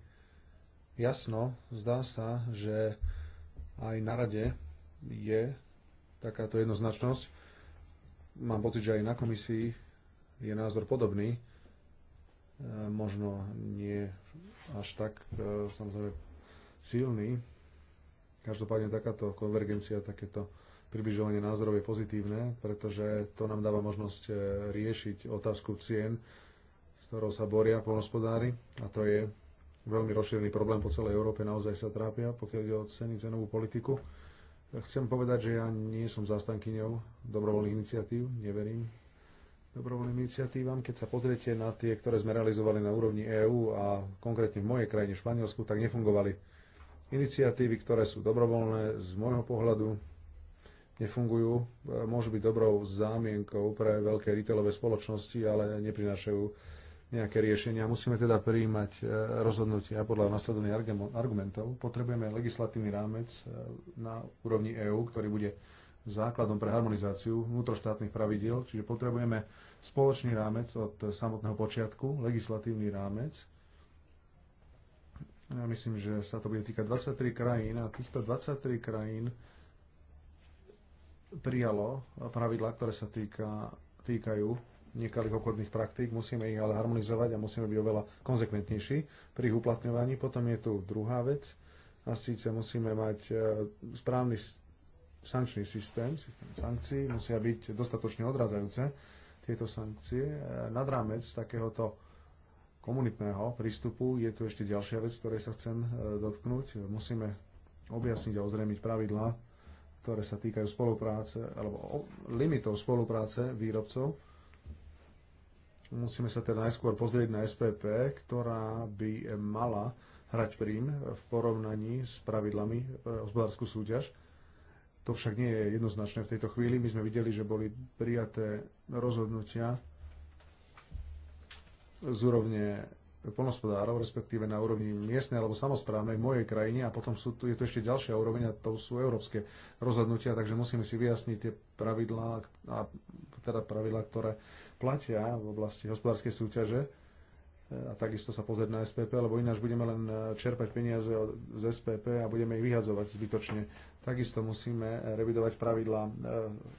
jasno. Zdá sa, že aj na rade je takáto jednoznačnosť. Mám pocit, že aj na komisii je názor podobný. E, možno nie až tak e, samozrejme silný. Každopádne takáto konvergencia, takéto približovanie názorov je pozitívne, pretože to nám dáva možnosť e, riešiť otázku cien, s ktorou sa boria polnospodári a to je veľmi rozšírený problém po celej Európe, naozaj sa trápia, pokiaľ ide o ceny, cenovú politiku. Chcem povedať, že ja nie som zastankyňou dobrovoľných iniciatív, neverím dobrovoľným iniciatívam. Keď sa pozriete na tie, ktoré sme realizovali na úrovni EÚ a konkrétne v mojej krajine, Španielsku, tak nefungovali. Iniciatívy, ktoré sú dobrovoľné, z môjho pohľadu nefungujú, e, môžu byť dobrou zámienkou pre veľké retailové spoločnosti, ale neprinášajú nejaké riešenia. Musíme teda prijímať e, rozhodnutia podľa nasledovných argumentov. Potrebujeme legislatívny rámec e, na úrovni EÚ, ktorý bude základom pre harmonizáciu vnútroštátnych pravidiel, čiže potrebujeme spoločný rámec od samotného počiatku, legislatívny rámec. Ja myslím, že sa to bude týkať 23 krajín a týchto 23 krajín prijalo pravidlá, ktoré sa týka, týkajú nekalých obchodných praktík, musíme ich ale harmonizovať a musíme byť oveľa konzekventnejší pri ich uplatňovaní. Potom je tu druhá vec a síce musíme mať e, správny sankčný systém, systém sankcií, musia byť dostatočne odrádzajúce, tieto sankcie. E, nad rámec takéhoto komunitného prístupu je tu ešte ďalšia vec, ktorej sa chcem e, dotknúť. Musíme objasniť a ozrejmiť pravidlá ktoré sa týkajú spolupráce alebo limitov spolupráce výrobcov. Musíme sa teda najskôr pozrieť na SPP, ktorá by mala hrať prím v porovnaní s pravidlami e, hospodárskú súťaž. To však nie je jednoznačné v tejto chvíli. My sme videli, že boli prijaté rozhodnutia z úrovne polnospodárov, respektíve na úrovni miestnej alebo samozprávnej v mojej krajine a potom sú tu, je tu ešte ďalšia úroveň a to sú európske rozhodnutia, takže musíme si vyjasniť tie pravidlá, a teda pravidlá, ktoré platia v oblasti hospodárskej súťaže e, a takisto sa pozrieť na SPP, lebo ináč budeme len e, čerpať peniaze z SPP a budeme ich vyhadzovať zbytočne. Takisto musíme e, revidovať pravidlá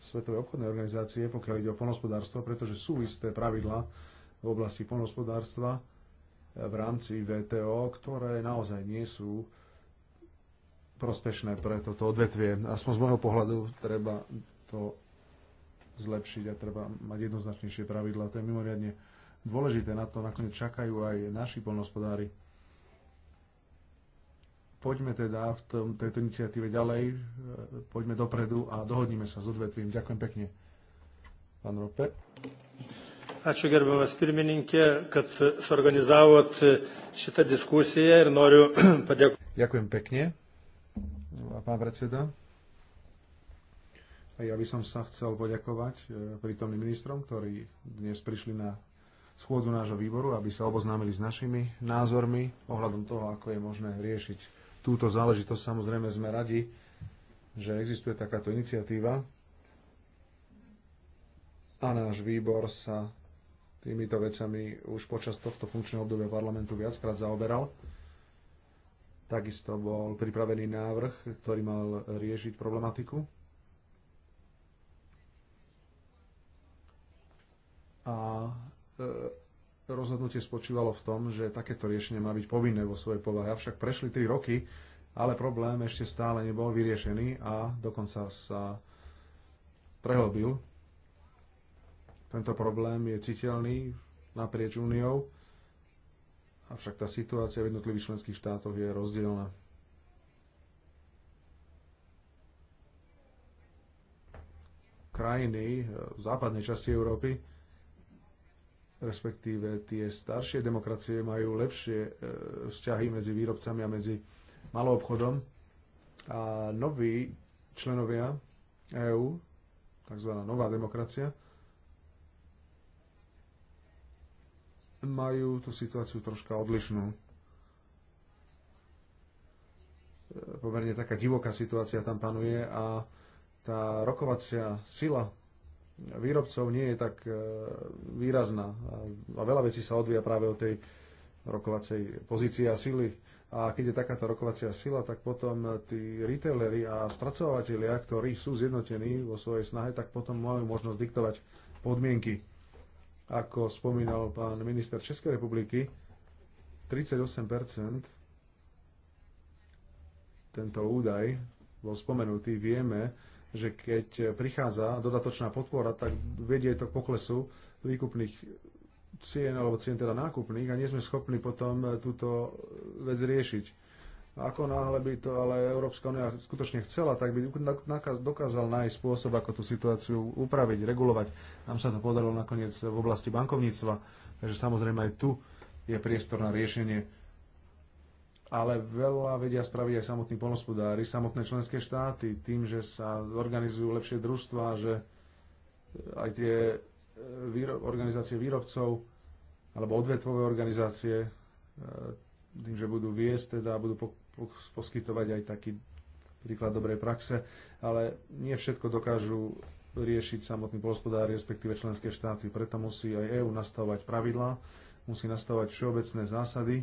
Svetovej obchodnej organizácie, pokiaľ ide o polnospodárstvo, pretože sú isté pravidlá v oblasti polnospodárstva, v rámci VTO, ktoré naozaj nie sú prospešné pre toto odvetvie. Aspoň z môjho pohľadu treba to zlepšiť a treba mať jednoznačnejšie pravidla. To je mimoriadne dôležité. Na to nakoniec čakajú aj naši polnospodári. Poďme teda v tom, tejto iniciatíve ďalej, poďme dopredu a dohodnime sa s odvetvím. Ďakujem pekne. Pán Rope. Ačiū gerbiamas pirmininkė, kad suorganizavot šitą diskusiją ir noriu [CLEARS THROAT] padėkoti. Ďakujem pekne, pán predseda. A ja by som sa chcel poďakovať e, prítomným ministrom, ktorí dnes prišli na schôdzu nášho výboru, aby sa oboznámili s našimi názormi ohľadom toho, ako je možné riešiť túto záležitosť. Samozrejme sme radi, že existuje takáto iniciatíva a náš výbor sa týmito vecami už počas tohto funkčného obdobia parlamentu viackrát zaoberal. Takisto bol pripravený návrh, ktorý mal riešiť problematiku. A e, rozhodnutie spočívalo v tom, že takéto riešenie má byť povinné vo svojej povahe. Avšak prešli 3 roky, ale problém ešte stále nebol vyriešený a dokonca sa prehlbil tento problém je citeľný naprieč úniou, avšak tá situácia v jednotlivých členských štátoch je rozdielna. Krajiny eh, v západnej časti Európy, respektíve tie staršie demokracie, majú lepšie eh, vzťahy medzi výrobcami a medzi obchodom. A noví členovia EÚ, tzv. nová demokracia, majú tú situáciu troška odlišnú. E, pomerne taká divoká situácia tam panuje a tá rokovacia sila výrobcov nie je tak e, výrazná. A veľa vecí sa odvíja práve od tej rokovacej pozície a sily. A keď je takáto rokovacia sila, tak potom tí retaileri a spracovateľia, ktorí sú zjednotení vo svojej snahe, tak potom majú možnosť diktovať podmienky ako spomínal pán minister Českej republiky, 38 tento údaj bol spomenutý. Vieme, že keď prichádza dodatočná podpora, tak vedie to k poklesu výkupných cien alebo cien teda nákupných a nie sme schopní potom túto vec riešiť. Ako náhle by to ale Európska únia skutočne chcela, tak by dokázal nájsť spôsob, ako tú situáciu upraviť, regulovať. Nám sa to podarilo nakoniec v oblasti bankovníctva, takže samozrejme aj tu je priestor na riešenie. Ale veľa vedia spraviť aj samotní polnospodári, samotné členské štáty, tým, že sa organizujú lepšie družstva, že e, aj tie e, výro- organizácie výrobcov alebo odvetvové organizácie e, tým, že budú viesť, teda budú poskytovať aj taký príklad dobrej praxe, ale nie všetko dokážu riešiť samotný polospodár, respektíve členské štáty. Preto musí aj EÚ nastavovať pravidlá, musí nastavovať všeobecné zásady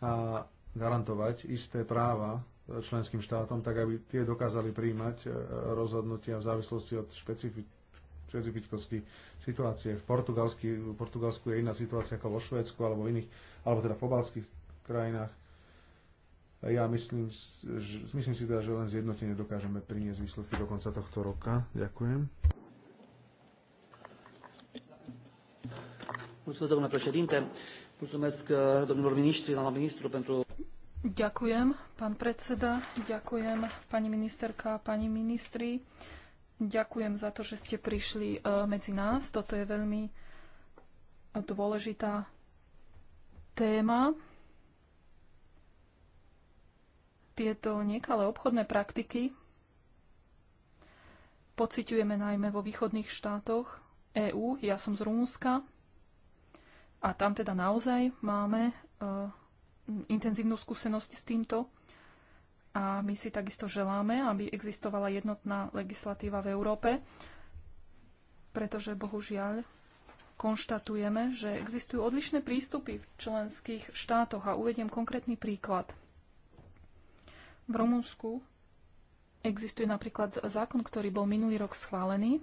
a garantovať isté práva členským štátom, tak aby tie dokázali príjmať e, rozhodnutia v závislosti od špecifickosti situácie. V, Portugalsku je iná situácia ako vo Švédsku alebo iných, alebo teda v pobalských krajinách ja myslím, myslím si teda, že len zjednotenie dokážeme priniesť výsledky do konca tohto roka. Ďakujem. Mulțumesc, eh, domnilor ministri, doamna ministru, pentru... Ďakujem, pán predseda, ďakujem, pani ministerka, pani ministri. Ďakujem za to, že ste prišli eh, medzi nás. Toto je veľmi dôležitá téma. Tieto nekalé obchodné praktiky pociťujeme najmä vo východných štátoch EÚ. Ja som z Rumúnska a tam teda naozaj máme uh, intenzívnu skúsenosť s týmto. A my si takisto želáme, aby existovala jednotná legislatíva v Európe, pretože bohužiaľ konštatujeme, že existujú odlišné prístupy v členských štátoch a uvediem konkrétny príklad – v Rumunsku existuje napríklad zákon, ktorý bol minulý rok schválený,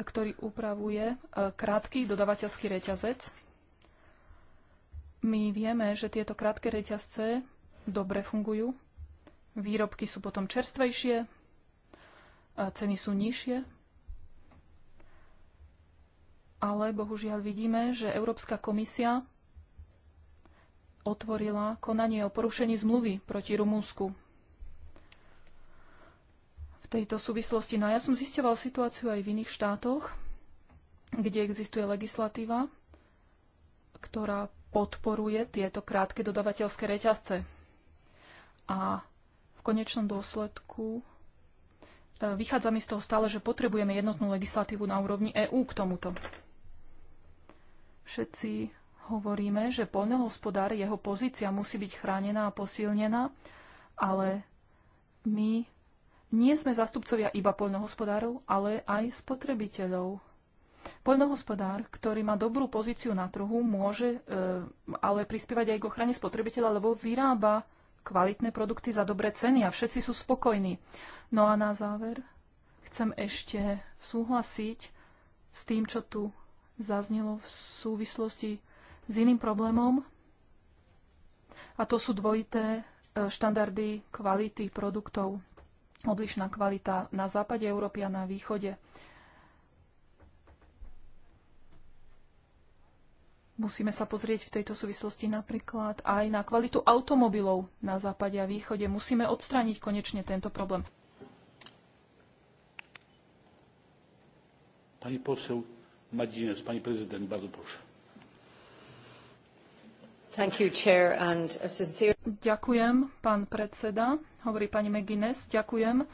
ktorý upravuje e, krátky dodavateľský reťazec. My vieme, že tieto krátke reťazce dobre fungujú. Výrobky sú potom čerstvejšie, e, ceny sú nižšie, ale bohužiaľ vidíme, že Európska komisia otvorila konanie o porušení zmluvy proti Rumúnsku. V tejto súvislosti, no ja som zistoval situáciu aj v iných štátoch, kde existuje legislatíva, ktorá podporuje tieto krátke dodavateľské reťazce. A v konečnom dôsledku e, vychádza mi z toho stále, že potrebujeme jednotnú legislatívu na úrovni EÚ k tomuto. Všetci hovoríme, že poľnohospodár, jeho pozícia musí byť chránená a posilnená, ale my nie sme zastupcovia iba poľnohospodárov, ale aj spotrebiteľov. Poľnohospodár, ktorý má dobrú pozíciu na trhu, môže e, ale prispievať aj k ochrane spotrebiteľa, lebo vyrába kvalitné produkty za dobré ceny a všetci sú spokojní. No a na záver chcem ešte súhlasiť s tým, čo tu zaznelo v súvislosti s iným problémom, a to sú dvojité e, štandardy kvality produktov. Odlišná kvalita na západe Európy a na východe. Musíme sa pozrieť v tejto súvislosti napríklad aj na kvalitu automobilov na západe a východe. Musíme odstrániť konečne tento problém. Pani posel Madines, pani prezident, bardzo proszę. Ďakujem, pán predseda, hovorí pani McGuinness. Ďakujem eh,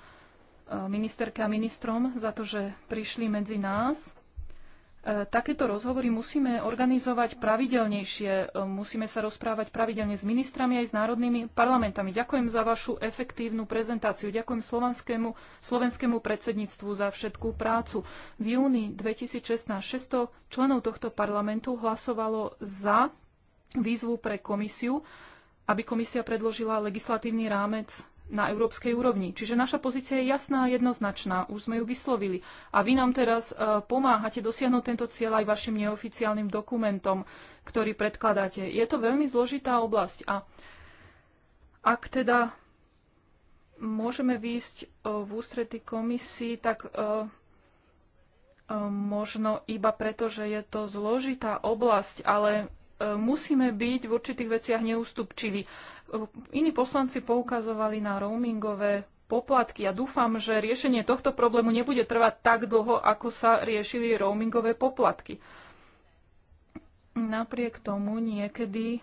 ministerke a ministrom za to, že prišli medzi nás. Eh, takéto rozhovory musíme organizovať pravidelnejšie. Eh, musíme sa rozprávať pravidelne s ministrami aj s národnými parlamentami. Ďakujem za vašu efektívnu prezentáciu. Ďakujem slovenskému, slovenskému predsedníctvu za všetkú prácu. V júni 2016 600 členov tohto parlamentu hlasovalo za výzvu pre komisiu, aby komisia predložila legislatívny rámec na európskej úrovni. Čiže naša pozícia je jasná a jednoznačná, už sme ju vyslovili. A vy nám teraz e, pomáhate dosiahnuť tento cieľ aj vašim neoficiálnym dokumentom, ktorý predkladáte. Je to veľmi zložitá oblasť a ak teda môžeme výjsť e, v ústretí komisii, tak e, možno iba preto, že je to zložitá oblasť, ale musíme byť v určitých veciach neústupčiví. Iní poslanci poukazovali na roamingové poplatky. Ja dúfam, že riešenie tohto problému nebude trvať tak dlho, ako sa riešili roamingové poplatky. Napriek tomu niekedy e,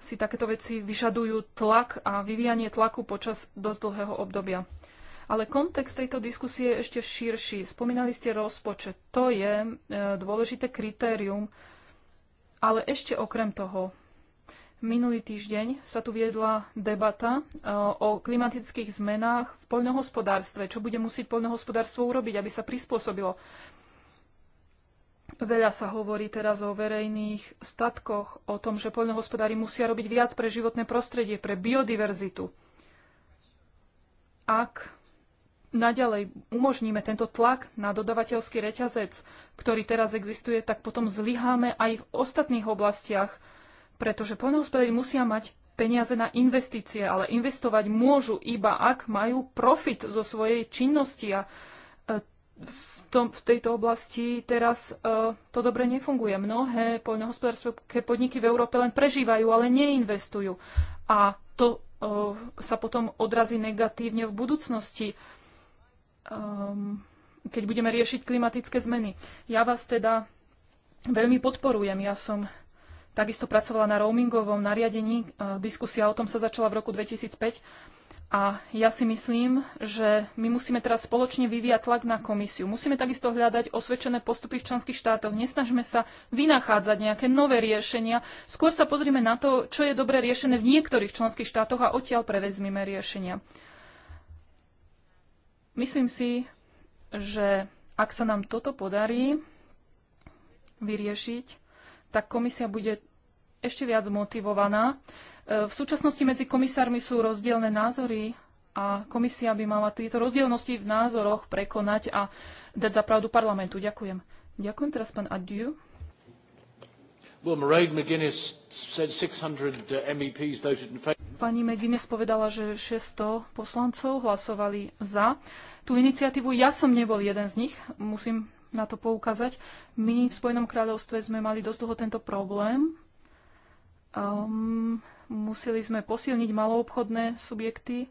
si takéto veci vyžadujú tlak a vyvíjanie tlaku počas dosť dlhého obdobia. Ale kontext tejto diskusie je ešte širší. Spomínali ste rozpočet. To je e, dôležité kritérium, ale ešte okrem toho, minulý týždeň sa tu viedla debata e, o klimatických zmenách v poľnohospodárstve, čo bude musieť poľnohospodárstvo urobiť, aby sa prispôsobilo. Veľa sa hovorí teraz o verejných statkoch, o tom, že poľnohospodári musia robiť viac pre životné prostredie, pre biodiverzitu. Ak naďalej umožníme tento tlak na dodavateľský reťazec, ktorý teraz existuje, tak potom zlyháme aj v ostatných oblastiach, pretože poľnohospodári musia mať peniaze na investície, ale investovať môžu iba ak majú profit zo svojej činnosti a e, v, tom, v tejto oblasti teraz uh, to dobre nefunguje. Mnohé poľnohospodárske podniky v Európe len prežívajú, ale neinvestujú. A to uh, sa potom odrazí negatívne v budúcnosti um, keď budeme riešiť klimatické zmeny. Ja vás teda veľmi podporujem. Ja som takisto pracovala na roamingovom nariadení. Ehm, diskusia o tom sa začala v roku 2005. A ja si myslím, že my musíme teraz spoločne vyvíjať tlak na komisiu. Musíme takisto hľadať osvedčené postupy v členských štátoch. Nesnažme sa vynachádzať nejaké nové riešenia. Skôr sa pozrime na to, čo je dobre riešené v niektorých členských štátoch a odtiaľ prevezmime riešenia. Myslím si, že ak sa nám toto podarí vyriešiť, tak komisia bude ešte viac motivovaná. E, v súčasnosti medzi komisármi sú rozdielne názory a komisia by mala tieto rozdielnosti v názoroch prekonať a dať za pravdu parlamentu. Ďakujem. Ďakujem teraz pán Adieu. Well, Mairead McGuinness said 600 uh, MEPs voted in favor. Pani Megines povedala, že 600 poslancov hlasovali za tú iniciatívu. Ja som nebol jeden z nich, musím na to poukázať. My v Spojenom kráľovstve sme mali dosť dlho tento problém. Um, museli sme posilniť maloobchodné subjekty.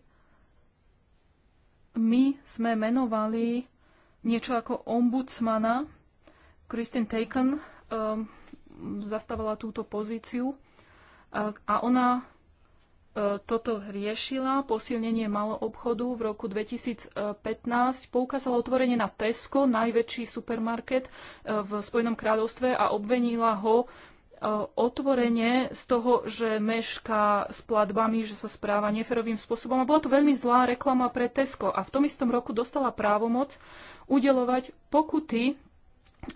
My sme menovali niečo ako ombudsmana. Kristin Taken um, zastávala túto pozíciu a ona E, toto riešila. Posilnenie malo obchodu v roku 2015 poukázala otvorenie na Tesco, najväčší supermarket e, v Spojenom kráľovstve a obvenila ho e, otvorenie z toho, že meška s platbami, že sa správa neferovým spôsobom. A bola to veľmi zlá reklama pre Tesco. A v tom istom roku dostala právomoc udelovať pokuty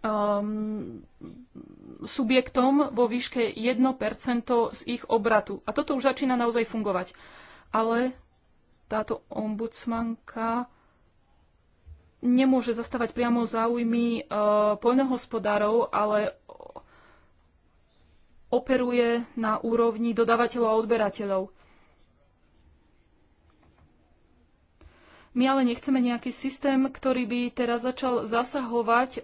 um, subjektom vo výške 1% z ich obratu. A toto už začína naozaj fungovať. Ale táto ombudsmanka nemôže zastávať priamo záujmy uh, poľnohospodárov, ale operuje na úrovni dodávateľov a odberateľov. My ale nechceme nejaký systém, ktorý by teraz začal zasahovať e,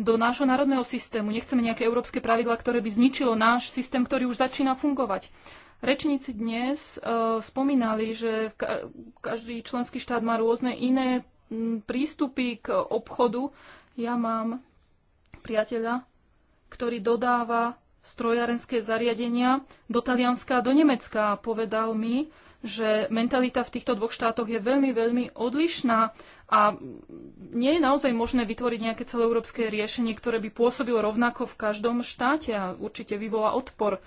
do nášho národného systému. Nechceme nejaké európske pravidla, ktoré by zničilo náš systém, ktorý už začína fungovať. Rečníci dnes e, spomínali, že každý členský štát má rôzne iné prístupy k obchodu. Ja mám priateľa, ktorý dodáva strojárenské zariadenia do Talianska a do Nemecka. Povedal mi, že mentalita v týchto dvoch štátoch je veľmi, veľmi odlišná a nie je naozaj možné vytvoriť nejaké celoeurópske riešenie, ktoré by pôsobilo rovnako v každom štáte a určite vyvolá odpor.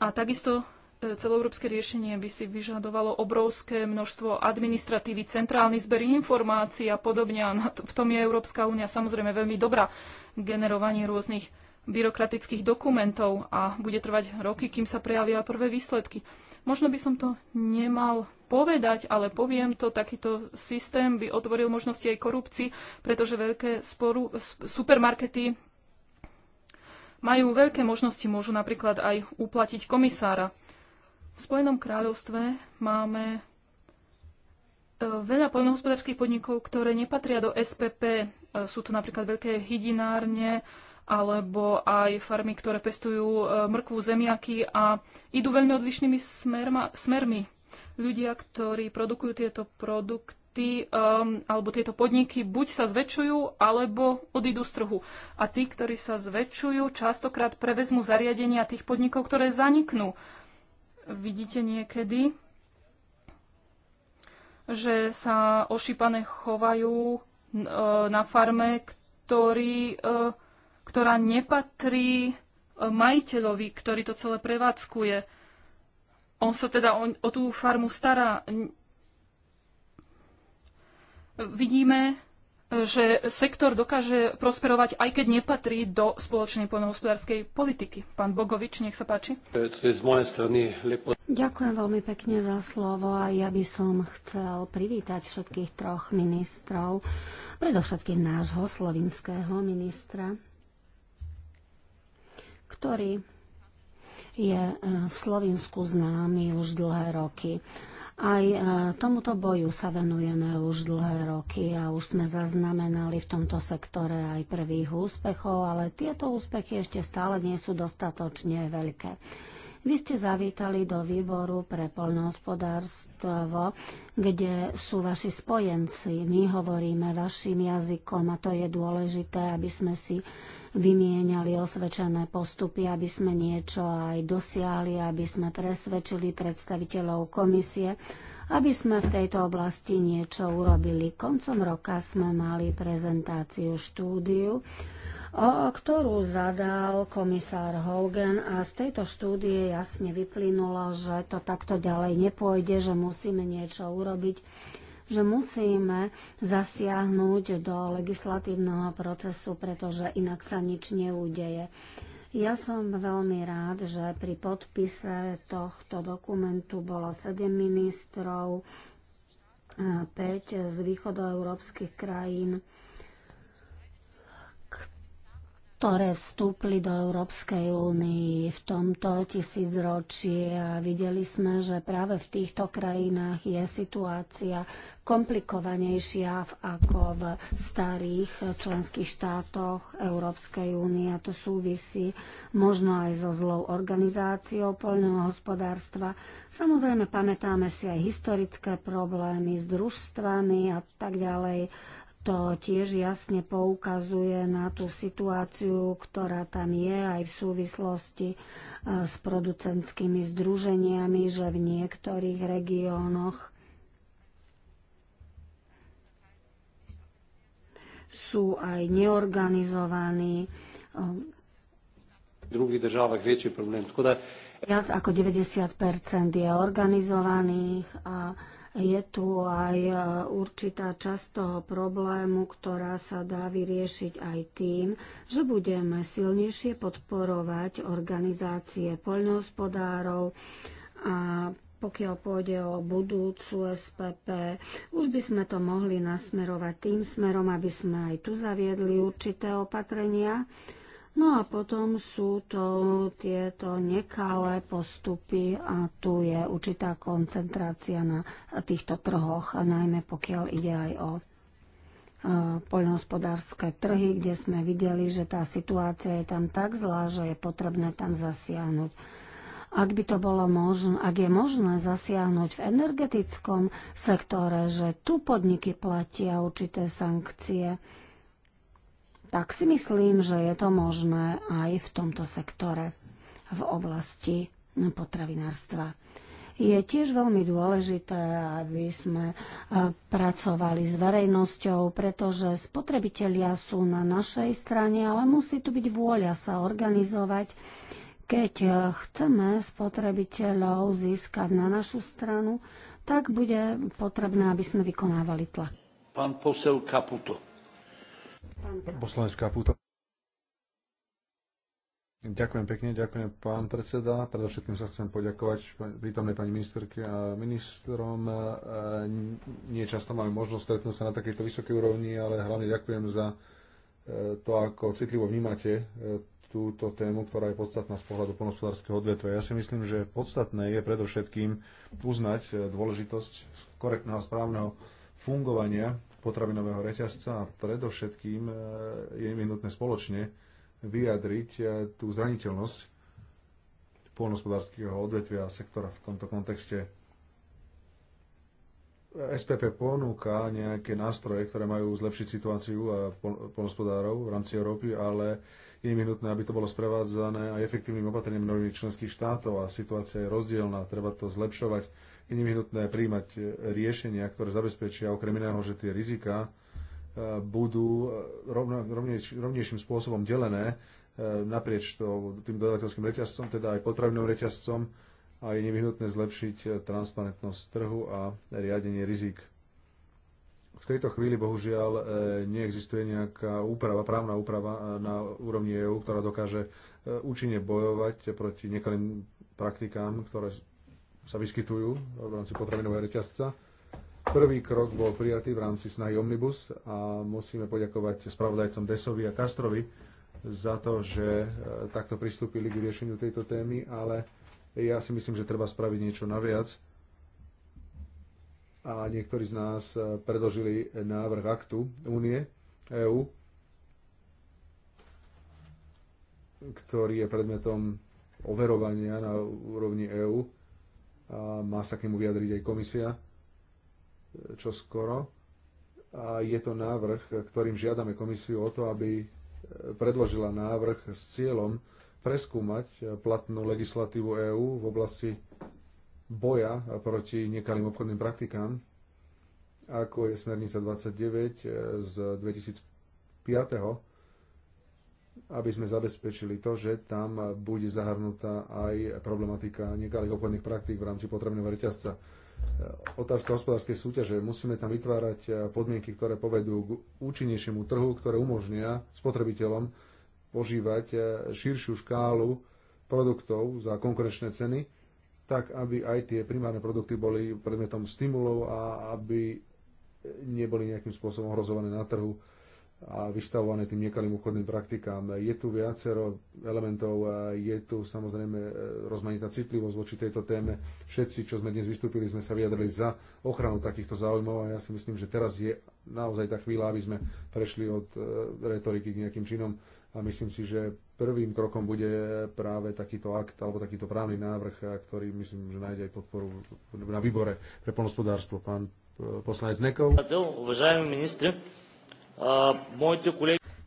A takisto e, celoeurópske riešenie by si vyžadovalo obrovské množstvo administratívy, centrálny zber informácií a podobne. A v tom je Európska únia samozrejme veľmi dobrá. Generovanie rôznych byrokratických dokumentov a bude trvať roky, kým sa prejavia prvé výsledky. Možno by som to nemal povedať, ale poviem to, takýto systém by otvoril možnosti aj korupcii, pretože veľké sporu, supermarkety majú veľké možnosti, môžu napríklad aj uplatiť komisára. V Spojenom kráľovstve máme e, veľa poľnohospodárských podnikov, ktoré nepatria do SPP. E, sú to napríklad veľké hydinárne, alebo aj farmy, ktoré pestujú e, mrkvu, zemiaky a idú veľmi odlišnými smerma, smermi. Ľudia, ktorí produkujú tieto produkty um, alebo tieto podniky, buď sa zväčšujú, alebo odídu z trhu. A tí, ktorí sa zväčšujú, častokrát prevezmu zariadenia tých podnikov, ktoré zaniknú. Vidíte niekedy, že sa ošípané chovajú uh, na farme, ktorí e, ktorá nepatrí e, majiteľovi, ktorý to celé prevádzkuje. On sa teda o, o tú farmu stará. Vidíme, e, že sektor dokáže prosperovať, aj keď nepatrí do spoločnej poľnohospodárskej politiky. Pán Bogovič, nech sa páči. Ďakujem veľmi pekne za slovo a ja by som chcel privítať všetkých troch ministrov, predovšetkým nášho slovinského ministra ktorý je e, v Slovensku známy už dlhé roky. Aj e, tomuto boju sa venujeme už dlhé roky a už sme zaznamenali v tomto sektore aj prvých úspechov, ale tieto úspechy ešte stále nie sú dostatočne veľké. Vy ste zavítali do výboru pre polnohospodárstvo, kde sú vaši spojenci. My hovoríme vašim jazykom a to je dôležité, aby sme si vymieniali osvedčené postupy, aby sme niečo aj dosiahli, aby sme presvedčili predstaviteľov komisie, aby sme v tejto oblasti niečo urobili. Koncom roka sme mali prezentáciu štúdiu ktorú zadal komisár Hogan a z tejto štúdie jasne vyplynulo, že to takto ďalej nepôjde, že musíme niečo urobiť že musíme zasiahnuť do legislatívneho procesu, pretože inak sa nič neudeje. Ja som veľmi rád, že pri podpise tohto dokumentu bolo 7 ministrov, 5 z východoeurópskych krajín, ktoré vstúpli do Európskej únii v tomto tisícročí a videli sme, že práve v týchto krajinách je situácia komplikovanejšia ako v starých členských štátoch Európskej únie a to súvisí možno aj so zlou organizáciou poľného hospodárstva. Samozrejme pamätáme si aj historické problémy s družstvami a tak ďalej to tiež jasne poukazuje na tú situáciu, ktorá tam je aj v súvislosti e, s producentskými združeniami, že v niektorých regiónoch sú aj neorganizovaní e, V druhých državách väčší problém. Viac ako 90% je organizovaných a je tu aj e, určitá časť toho problému, ktorá sa dá vyriešiť aj tým, že budeme silnejšie podporovať organizácie poľnohospodárov a pokiaľ pôjde o budúcu SPP, už by sme to mohli nasmerovať tým smerom, aby sme aj tu zaviedli určité opatrenia, No a potom sú to tieto nekalé postupy a tu je určitá koncentrácia na týchto trhoch, najmä pokiaľ ide aj o e, poľnohospodárske trhy, kde sme videli, že tá situácia je tam tak zlá, že je potrebné tam zasiahnuť. Ak by to bolo možné, ak je možné zasiahnuť v energetickom sektore, že tu podniky platia určité sankcie, tak si myslím, že je to možné aj v tomto sektore v oblasti potravinárstva. Je tiež veľmi dôležité, aby sme e, pracovali s verejnosťou, pretože spotrebitelia sú na našej strane, ale musí tu byť vôľa sa organizovať, keď e, chceme spotrebiteľov získať na našu stranu, tak bude potrebné, aby sme vykonávali tlak. Pán posel Kaputo. Poslanecká púta. Ďakujem pekne, ďakujem pán predseda. Predovšetkým sa chcem poďakovať prítomnej pani ministerke a ministrom. E, nie často máme možnosť stretnúť sa na takejto vysokej úrovni, ale hlavne ďakujem za e, to, ako citlivo vnímate e, túto tému, ktorá je podstatná z pohľadu ponospodárskeho odvetvia. Ja si myslím, že podstatné je predovšetkým uznať dôležitosť korektného a správneho fungovania potravinového reťazca a predovšetkým e, je nevyhnutné spoločne vyjadriť e, tú zraniteľnosť polnospodárskeho odvetvia a sektora v tomto kontexte. SPP ponúka nejaké nástroje, ktoré majú zlepšiť situáciu polnospodárov v rámci Európy, ale je nutné, aby to bolo sprevádzané aj efektívnym opatrením nových členských štátov a situácia je rozdielna, treba to zlepšovať je nevyhnutné príjmať e, riešenia, ktoré zabezpečia okrem iného, že tie rizika e, budú e, rovnejš, rovnejším spôsobom delené naprieč to, tým dodateľským reťazcom, teda aj potravinovým reťazcom a je nevyhnutné zlepšiť transparentnosť trhu a riadenie rizik. V tejto chvíli bohužiaľ neexistuje nejaká úprava, právna úprava na úrovni EÚ, ktorá dokáže účinne bojovať proti nekalým praktikám, ktoré sa vyskytujú v rámci potravinového reťazca. Prvý krok bol prijatý v rámci snahy Omnibus a musíme poďakovať spravodajcom Desovi a Kastrovi za to, že e, takto pristúpili k riešeniu tejto témy, ale ja si myslím, že treba spraviť niečo naviac. A niektorí z nás e, predložili návrh aktu Únie EÚ, ktorý je predmetom overovania na úrovni EÚ a má sa k nemu vyjadriť aj komisia e, čo skoro. A je to návrh, ktorým žiadame komisiu o to, aby e, predložila návrh s cieľom preskúmať e, platnú legislatívu EÚ v oblasti boja proti nekalým obchodným praktikám, ako je smernica 29 z 2005 aby sme zabezpečili to, že tam bude zahrnutá aj problematika nekalých obchodných praktík v rámci potrebného reťazca. Otázka hospodárskej súťaže. Musíme tam vytvárať podmienky, ktoré povedú k účinnejšiemu trhu, ktoré umožnia spotrebiteľom požívať širšiu škálu produktov za konkurenčné ceny, tak aby aj tie primárne produkty boli predmetom stimulov a aby neboli nejakým spôsobom ohrozované na trhu a vystavované tým nekalým obchodným praktikám. Je tu viacero elementov, je tu samozrejme e, rozmanitá citlivosť voči tejto téme. Všetci, čo sme dnes vystúpili, sme sa vyjadrili za ochranu takýchto záujmov a ja si myslím, že teraz je naozaj tá chvíľa, aby sme prešli od e, retoriky k nejakým činom a myslím si, že prvým krokom bude práve takýto akt alebo takýto právny návrh, ktorý myslím, že nájde aj podporu na výbore pre polnospodárstvo. Pán e, poslanec Nekov. Uvažajú ministri,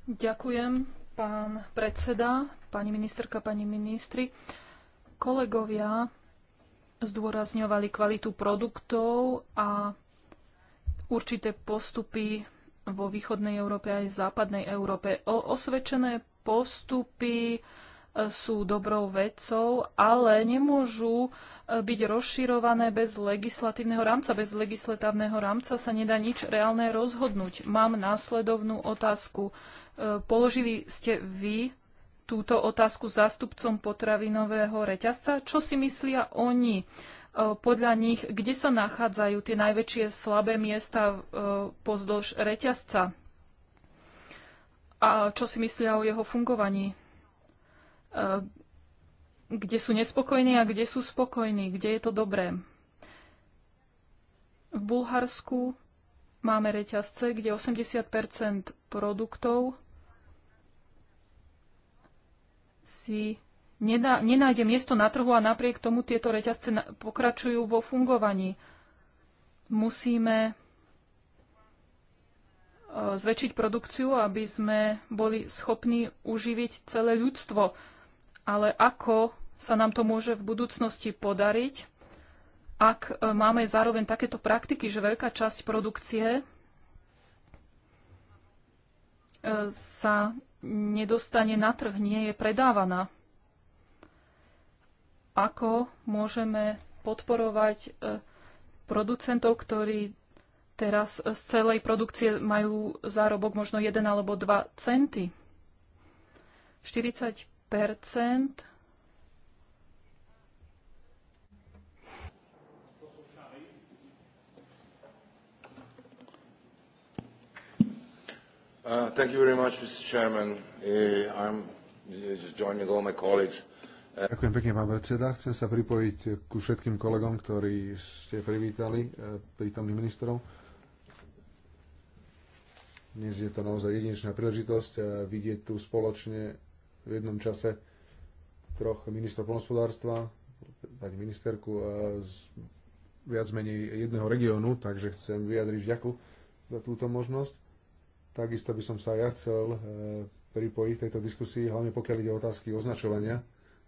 Ďakujem, pán predseda, pani ministerka, pani ministri. Kolegovia zdôrazňovali kvalitu produktov a určité postupy vo východnej Európe aj v západnej Európe. O osvedčené postupy sú dobrou vecou, ale nemôžu e, byť rozširované bez legislatívneho rámca. Bez legislatívneho rámca sa nedá nič reálne rozhodnúť. Mám následovnú otázku. E, položili ste vy túto otázku zástupcom potravinového reťazca? Čo si myslia oni? E, podľa nich, kde sa nachádzajú tie najväčšie slabé miesta pozdĺž reťazca? A čo si myslia o jeho fungovaní? E, kde sú nespokojní a kde sú spokojní, kde je to dobré. V Bulharsku máme reťazce, kde 80 produktov si nedá, nenájde miesto na trhu a napriek tomu tieto reťazce pokračujú vo fungovaní. Musíme e, zväčšiť produkciu, aby sme boli schopní uživiť celé ľudstvo ale ako sa nám to môže v budúcnosti podariť, ak e, máme zároveň takéto praktiky, že veľká časť produkcie e, sa nedostane na trh, nie je predávaná. Ako môžeme podporovať e, producentov, ktorí teraz z celej produkcie majú zárobok možno 1 alebo 2 centy. 40%? percent. Uh, thank you very much, Mr. Chairman. Uh, I'm uh, just joining all my colleagues. Uh, Ďakujem pekne, pán predseda. Chcem sa pripojiť ku všetkým kolegom, ktorí ste privítali uh, prítomných ministrov. Dnes je to naozaj jedinečná príležitosť vidieť tu spoločne v jednom čase troch ministrov polnospodárstva, pani ministerku z viac menej jedného regiónu, takže chcem vyjadriť vďaku za túto možnosť. Takisto by som sa ja chcel e, pripojiť tejto diskusii, hlavne pokiaľ ide o otázky označovania,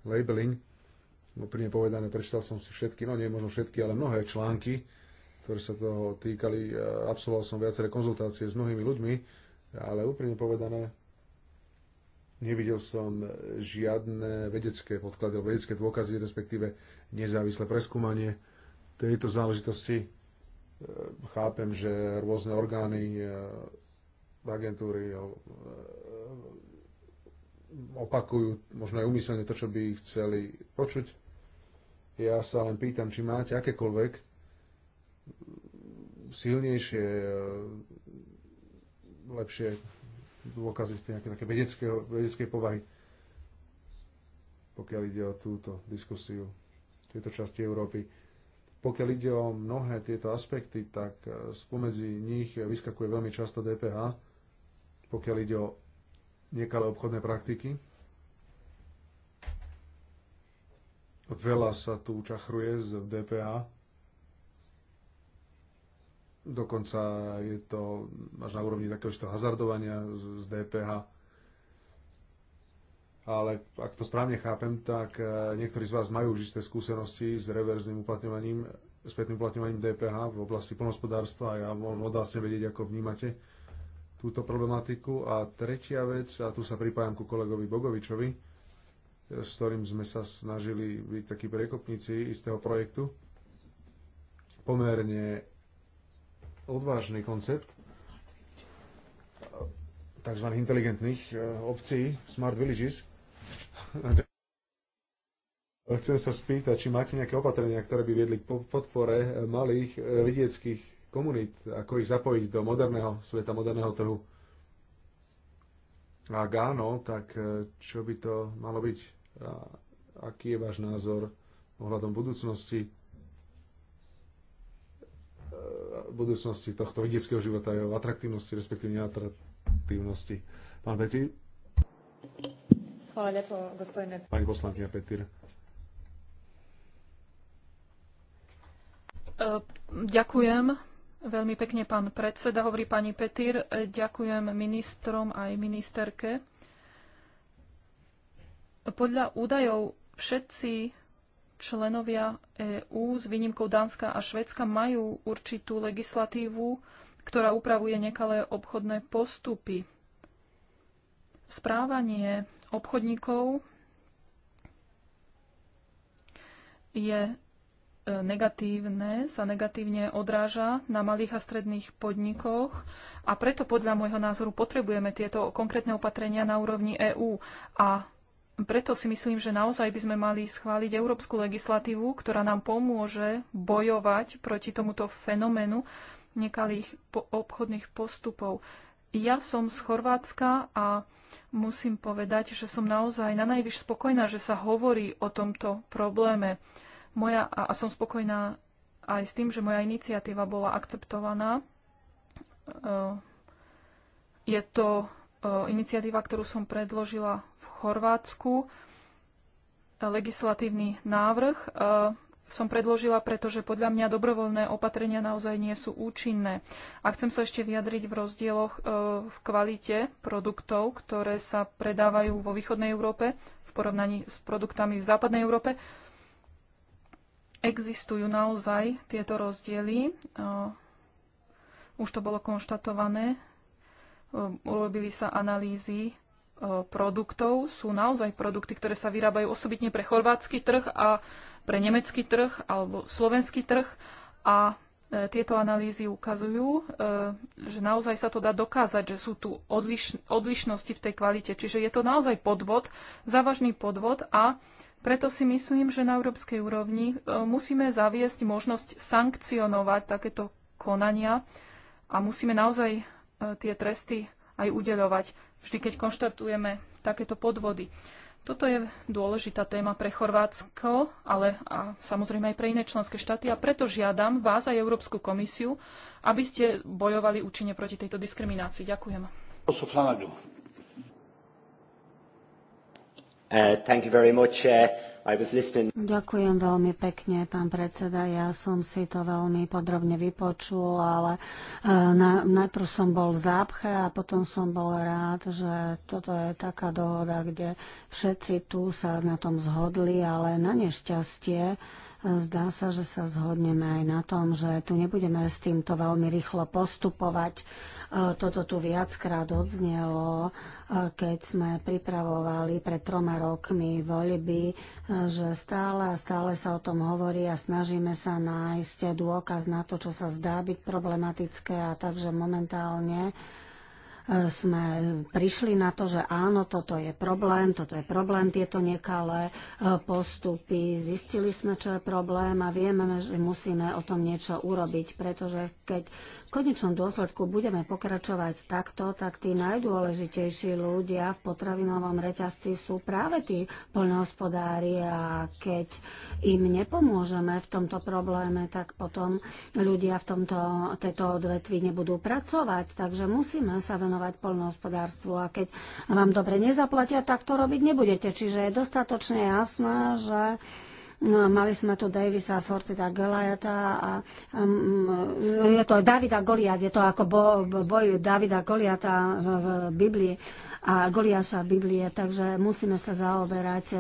labeling. Úprimne no, povedané, prečítal som si všetky, no nie možno všetky, ale mnohé články, ktoré sa toho týkali. E, absolvoval som viaceré konzultácie s mnohými ľuďmi, ale úprimne povedané, Nevidel som žiadne vedecké podklady, vedecké dôkazy, respektíve nezávislé preskúmanie tejto záležitosti. E, chápem, že rôzne orgány, e, agentúry e, opakujú možno aj umyselne to, čo by chceli počuť. Ja sa len pýtam, či máte akékoľvek silnejšie, lepšie dôkazy nejaké také vedeckej povahy, pokiaľ ide o túto diskusiu v tejto časti Európy. Pokiaľ ide o mnohé tieto aspekty, tak eh, spomedzi nich vyskakuje veľmi často DPH, pokiaľ ide o nekalé obchodné praktiky. Veľa sa tu čachruje z DPH, Dokonca je to až na úrovni takého hazardovania z DPH. Ale ak to správne chápem, tak eh, niektorí z vás majú už isté skúsenosti s reverzným uplatňovaním, spätným uplatňovaním DPH v oblasti plnospodárstva a ja môžem od vás vedieť, ako vnímate túto problematiku. A tretia vec, a tu sa pripájam ku kolegovi Bogovičovi, eh, s ktorým sme sa snažili byť takí prekopníci istého projektu, pomerne odvážny koncept tzv. inteligentných e, obcí, smart villages. [LAUGHS] Chcem sa spýtať, či máte nejaké opatrenia, ktoré by viedli k podpore e, malých e, vidieckých komunít, ako ich zapojiť do moderného sveta, moderného trhu. A áno, tak čo by to malo byť? A aký je váš názor ohľadom budúcnosti budúcnosti tohto vidieckého života, jeho atraktívnosti, respektíve neatraktívnosti. Pán Petír? Hvala lepo, gospodine. Pani poslankyňa Petír. E, ďakujem veľmi pekne, pán predseda, hovorí pani Petir. E, ďakujem ministrom aj ministerke. Podľa údajov všetci členovia EÚ s výnimkou Dánska a Švedska majú určitú legislatívu, ktorá upravuje nekalé obchodné postupy. Správanie obchodníkov je e, negatívne, sa negatívne odráža na malých a stredných podnikoch a preto podľa môjho názoru potrebujeme tieto konkrétne opatrenia na úrovni EÚ a preto si myslím, že naozaj by sme mali schváliť európsku legislatívu, ktorá nám pomôže bojovať proti tomuto fenoménu nekalých po obchodných postupov. Ja som z Chorvátska a musím povedať, že som naozaj na najvyš spokojná, že sa hovorí o tomto probléme. Moja, a som spokojná aj s tým, že moja iniciatíva bola akceptovaná. E, je to e, iniciatíva, ktorú som predložila Chorvátsku legislatívny návrh e, som predložila, pretože podľa mňa dobrovoľné opatrenia naozaj nie sú účinné. A chcem sa ešte vyjadriť v rozdieloch e, v kvalite produktov, ktoré sa predávajú vo východnej Európe v porovnaní s produktami v západnej Európe. Existujú naozaj tieto rozdiely. E, už to bolo konštatované. urobili sa analýzy E, produktov sú naozaj produkty, ktoré sa vyrábajú osobitne pre chorvátsky trh a pre nemecký trh alebo slovenský trh a e, tieto analýzy ukazujú, e, že naozaj sa to dá dokázať, že sú tu odliš- odlišnosti v tej kvalite. Čiže je to naozaj podvod, závažný podvod a preto si myslím, že na európskej úrovni musíme zaviesť možnosť sankcionovať takéto konania a musíme naozaj tie tresty aj udeľovať vždy keď konštatujeme takéto podvody. Toto je dôležitá téma pre Chorvátsko, ale a samozrejme aj pre iné členské štáty a preto žiadam vás aj Európsku komisiu, aby ste bojovali účinne proti tejto diskriminácii. Ďakujem. Uh, uh, Ďakujem veľmi pekne, pán predseda. Ja som si to veľmi podrobne vypočul, ale uh, na, najprv som bol v zápche a potom som bol rád, že toto je taká dohoda, kde všetci tu sa na tom zhodli, ale na nešťastie Zdá sa, že sa zhodneme aj na tom, že tu nebudeme s týmto veľmi rýchlo postupovať. E, toto tu viackrát odznelo, e, keď sme pripravovali pred troma rokmi voľby, e, že stále a stále sa o tom hovorí a snažíme sa nájsť dôkaz na to, čo sa zdá byť problematické a takže momentálne sme prišli na to, že áno, toto je problém, toto je problém, tieto nekalé e, postupy. Zistili sme, čo je problém a vieme, že musíme o tom niečo urobiť, pretože keď konečnom dôsledku budeme pokračovať takto, tak tí najdôležitejší ľudia v potravinovom reťazci sú práve tí poľnohospodári a keď im nepomôžeme v tomto probléme, tak potom ľudia v tomto, tejto odvetvi nebudú pracovať, takže musíme sa venovať poľnohospodárstvu a keď vám dobre nezaplatia, tak to robiť nebudete. Čiže je dostatočne jasné, že No a mali sme tu Davisa, Fortida, Goliata a um, um, je to Davida Goliat, je to ako bo, boj Davida Goliata v, v Biblii a Goliáša Biblie, takže musíme sa zaoberať e,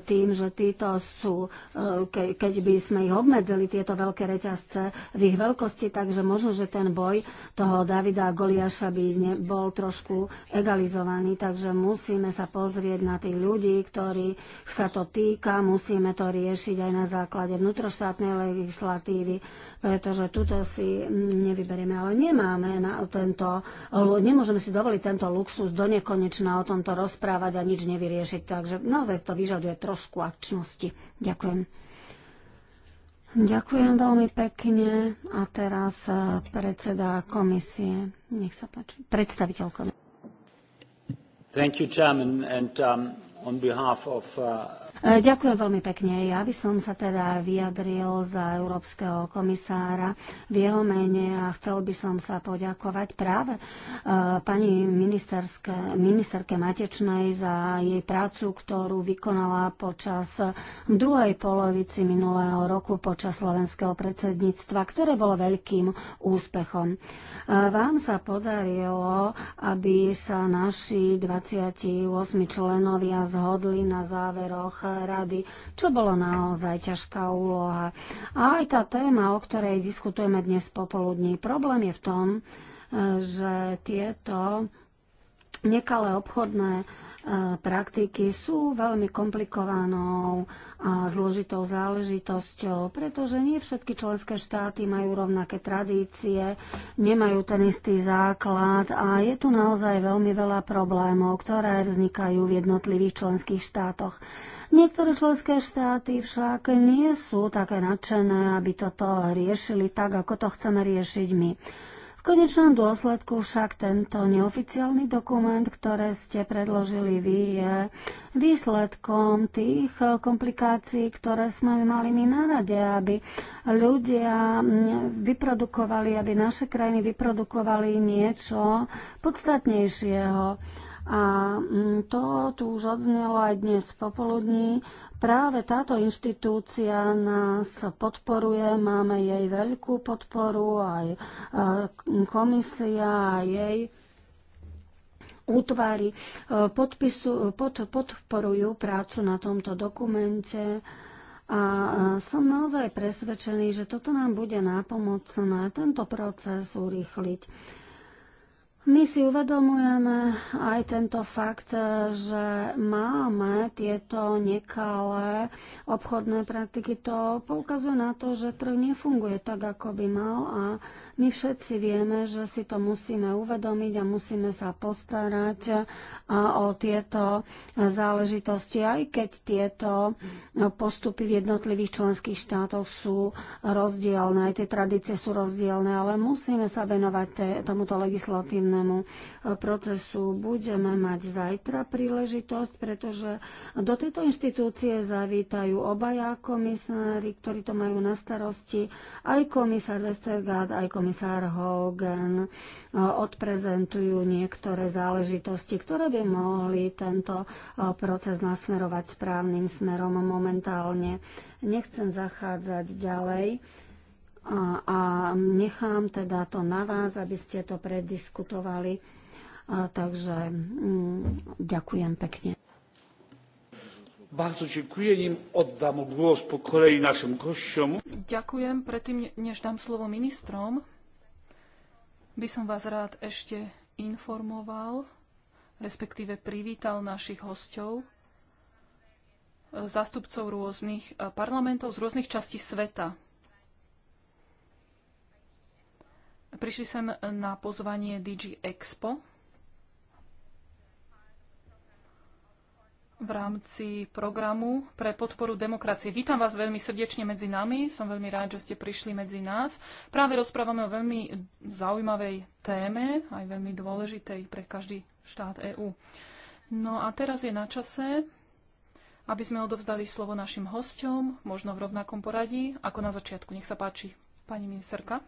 tým, že títo sú, e, keď by sme ich obmedzili, tieto veľké reťazce v ich veľkosti, takže možno, že ten boj toho Davida a Goliáša by bol trošku egalizovaný, takže musíme sa pozrieť na tých ľudí, ktorí sa to týka, musíme to riešiť aj na základe vnútroštátnej legislatívy, pretože tuto si mm, nevyberieme, ale nemáme na tento, nemôžeme si dovoliť tento luxus do nekonečna nekonečná o tomto rozprávať a nič nevyriešiť. Takže naozaj to vyžaduje trošku akčnosti. Ďakujem. Ďakujem veľmi pekne. A teraz eh, predseda komisie. Nech sa páči. Predstaviteľ komisie. Thank you, Chairman, and um, on behalf of uh, E, ďakujem veľmi pekne. Ja by som sa teda vyjadril za európskeho komisára v jeho mene a chcel by som sa poďakovať práve e, pani ministerke Matečnej za jej prácu, ktorú vykonala počas druhej polovici minulého roku počas slovenského predsedníctva, ktoré bolo veľkým úspechom. E, vám sa podarilo, aby sa naši 28 členovia zhodli na záveroch rady, čo bolo naozaj ťažká úloha. A aj tá téma, o ktorej diskutujeme dnes popoludní, problém je v tom, e, že tieto nekalé obchodné e, praktiky sú veľmi komplikovanou a zložitou záležitosťou, pretože nie všetky členské štáty majú rovnaké tradície, nemajú ten istý základ a je tu naozaj veľmi veľa problémov, ktoré vznikajú v jednotlivých členských štátoch. Niektoré členské štáty však nie sú také nadšené, aby toto riešili tak, ako to chceme riešiť my. V konečnom dôsledku však tento neoficiálny dokument, ktoré ste predložili vy, je výsledkom tých komplikácií, ktoré sme mali my na rade, aby ľudia vyprodukovali, aby naše krajiny vyprodukovali niečo podstatnejšieho a mm, to tu už odznelo aj dnes popoludní. Práve táto inštitúcia nás podporuje, máme jej veľkú podporu, aj komisia, aj jej útvary e, podpisu, pod, podporujú prácu na tomto dokumente. A e, som naozaj presvedčený, že toto nám bude nápomocné tento proces urýchliť. My si uvedomujeme aj tento fakt, že máme tieto nekalé obchodné praktiky. To poukazuje na to, že trh nefunguje tak, ako by mal a my všetci vieme, že si to musíme uvedomiť a musíme sa postarať e, o tieto záležitosti, aj keď tieto postupy v jednotlivých členských štátoch sú rozdielne, aj tie tradície sú rozdielne, ale musíme sa venovať tomuto legislatívnemu e, procesu. Budeme mať zajtra príležitosť, pretože do tejto inštitúcie zavítajú obaja komisári, ktorí to majú na starosti, aj komisár Westergaard, aj komisár komisár Hogan eh, odprezentujú niektoré záležitosti, ktoré by mohli tento eh, proces nasmerovať správnym smerom momentálne. Nechcem zachádzať ďalej a nechám teda to na vás, aby ste to prediskutovali. Takže mm, ďakujem pekne. Bardzo dziękuję. Nim oddam głos po kolei naszym gościom. Ďakujem. Predtým, než dám slovo ministrom, by som vás rád ešte informoval, respektíve privítal našich hostov, e, zástupcov rôznych e, parlamentov z rôznych častí sveta. Prišli sem na pozvanie DG Expo, v rámci programu pre podporu demokracie. Vítam vás veľmi srdečne medzi nami. Som veľmi rád, že ste prišli medzi nás. Práve rozprávame o veľmi zaujímavej téme, aj veľmi dôležitej pre každý štát EÚ. No a teraz je na čase, aby sme odovzdali slovo našim hosťom, možno v rovnakom poradí, ako na začiatku. Nech sa páči, pani ministerka.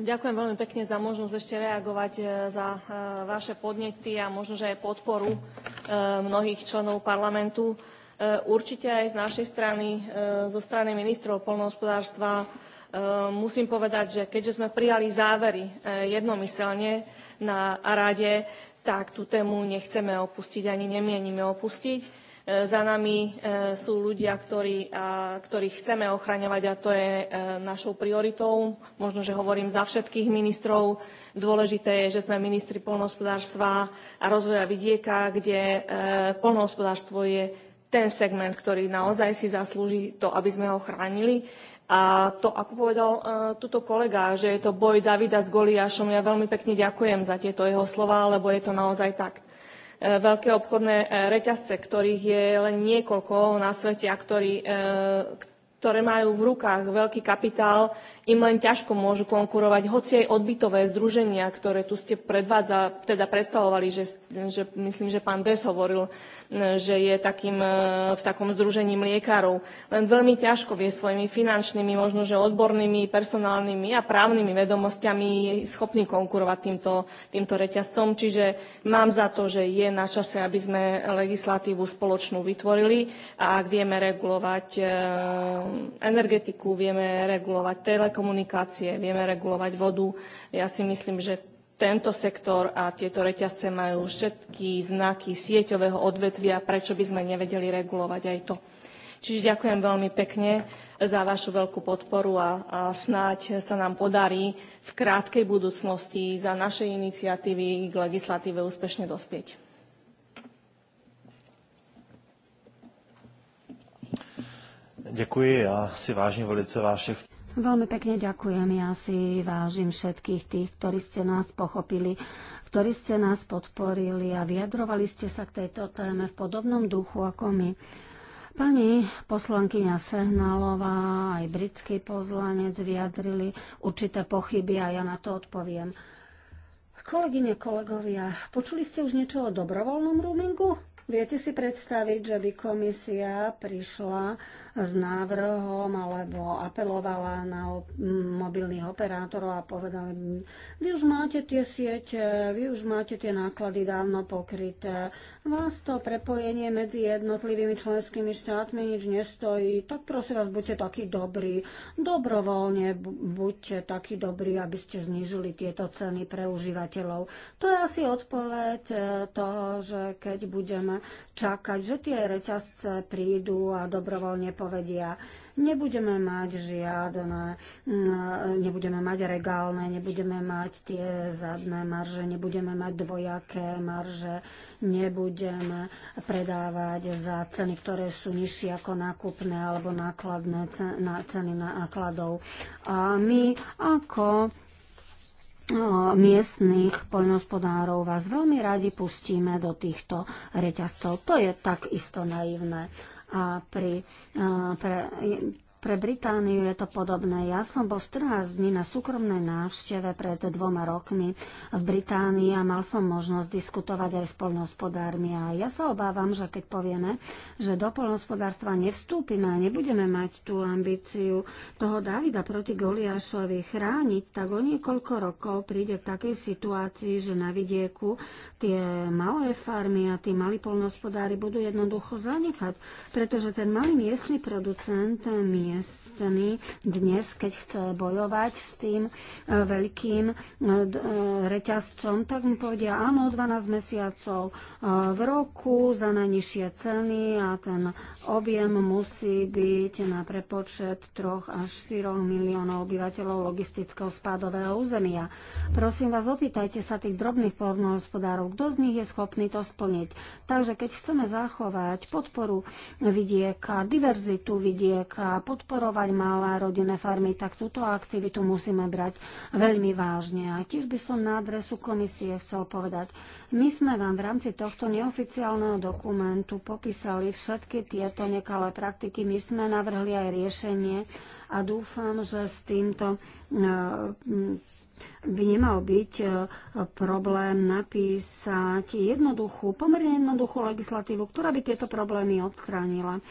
Ďakujem veľmi pekne za možnosť ešte reagovať e, za e, vaše podnety a možno, že aj podporu e, mnohých členov parlamentu. Určite aj z našej strany, zo strany ministrov poľnohospodárstva, musím povedať, že keďže sme prijali závery jednomyselne na Rade, tak tú tému nechceme opustiť ani nemienime opustiť E, za nami e, sú ľudia, ktorí, ktorých chceme ochraňovať a to je e, našou prioritou. Možno, že hovorím za všetkých ministrov. Dôležité je, že sme ministri poľnohospodárstva a rozvoja vidieka, kde poľnohospodárstvo je ten segment, ktorý naozaj si zaslúži to, aby sme ho chránili. A to, ako povedal uh, tuto kolega, že je to boj Davida s Goliášom, ja veľmi pekne ďakujem za tieto jeho slova, lebo je to naozaj tak. E, veľké obchodné e, reťazce, ktorých je len niekoľko na svete a ktorí, e, ktoré majú v rukách veľký kapitál, im len ťažko môžu konkurovať, hoci aj odbytové združenia, ktoré tu ste predvádza, teda predstavovali, že, že myslím, že pán Des hovoril, že je takým, e, v takom združení mliekárov. Len veľmi ťažko vie svojimi finančnými, možno že odbornými, personálnymi a právnymi vedomosťami schopný konkurovať týmto, týmto reťazcom. Čiže mám za to, že je na čase, aby sme legislatívu spoločnú vytvorili a ak vieme regulovať e, energetiku, vieme regulovať telekomunikácie, vieme regulovať vodu. Ja si myslím, že tento sektor a tieto reťazce majú všetky znaky sieťového odvetvia, prečo by sme nevedeli regulovať aj to. Čiže ďakujem veľmi pekne za vašu veľkú podporu a, a snáď sa nám podarí v krátkej budúcnosti za naše iniciatívy k legislatíve úspešne dospieť. Ďakujem, ja si vážim velice vášich. Veľmi pekne ďakujem. Ja si vážim všetkých tých, ktorí ste nás pochopili, ktorí ste nás podporili a vyjadrovali ste sa k tejto téme v podobnom duchu ako my. Pani poslankyňa Sehnalová aj britský pozlanec vyjadrili určité pochyby a ja na to odpoviem. Kolegyne, kolegovia, počuli ste už niečo o dobrovoľnom roomingu? Viete si predstaviť, že by komisia prišla s návrhom alebo apelovala na mobilných operátorov a povedala, vy už máte tie siete, vy už máte tie náklady dávno pokryté, vás to prepojenie medzi jednotlivými členskými štátmi nič nestojí, tak prosím vás, buďte takí dobrí, dobrovoľne buďte takí dobrí, aby ste znížili tieto ceny pre užívateľov. To je asi odpoveď eh, toho, že keď budeme čakať, že tie reťazce prídu a dobrovoľne povedia, nebudeme mať žiadne, mm, nebudeme mať regálne, nebudeme mať tie zadné marže, nebudeme mať dvojaké marže, nebudeme predávať za ceny, ktoré sú nižšie ako nákupné alebo nákladné ceny nákladov. A my ako miestných poľnohospodárov vás veľmi radi pustíme do týchto reťazcov. To je tak isto naivné. A pri, e, pre, pre Britániu je to podobné. Ja som bol 14 dní na súkromnej návšteve pred dvoma rokmi v Británii a mal som možnosť diskutovať aj s polnohospodármi. A ja sa obávam, že keď povieme, že do polnohospodárstva nevstúpime a nebudeme mať tú ambíciu toho Davida proti Goliášovi chrániť, tak o niekoľko rokov príde k takej situácii, že na vidieku tie malé farmy a tí malí polnohospodári budú jednoducho zanechať, pretože ten malý miestny producent mi umiestnený dnes, keď chce bojovať s tým e, veľkým e, e, reťazcom, tak mu povedia, áno, 12 mesiacov v roku za najnižšie ceny a ten objem musí byť na prepočet 3 až 4 miliónov obyvateľov logistického spádového územia. Prosím vás, opýtajte sa tých drobných poľnohospodárov, kto z nich je schopný to splniť. Takže keď chceme zachovať podporu vidieka, diverzitu vidieka, podporu podporovať malé rodinné farmy, tak túto aktivitu musíme brať veľmi vážne. A tiež by som na adresu komisie chcel povedať, my sme vám v rámci tohto neoficiálneho dokumentu popísali všetky tieto nekalé praktiky, my sme navrhli aj riešenie a dúfam, že s týmto e, by nemal byť e, problém napísať jednoduchú, pomerne jednoduchú legislatívu, ktorá by tieto problémy odstránila.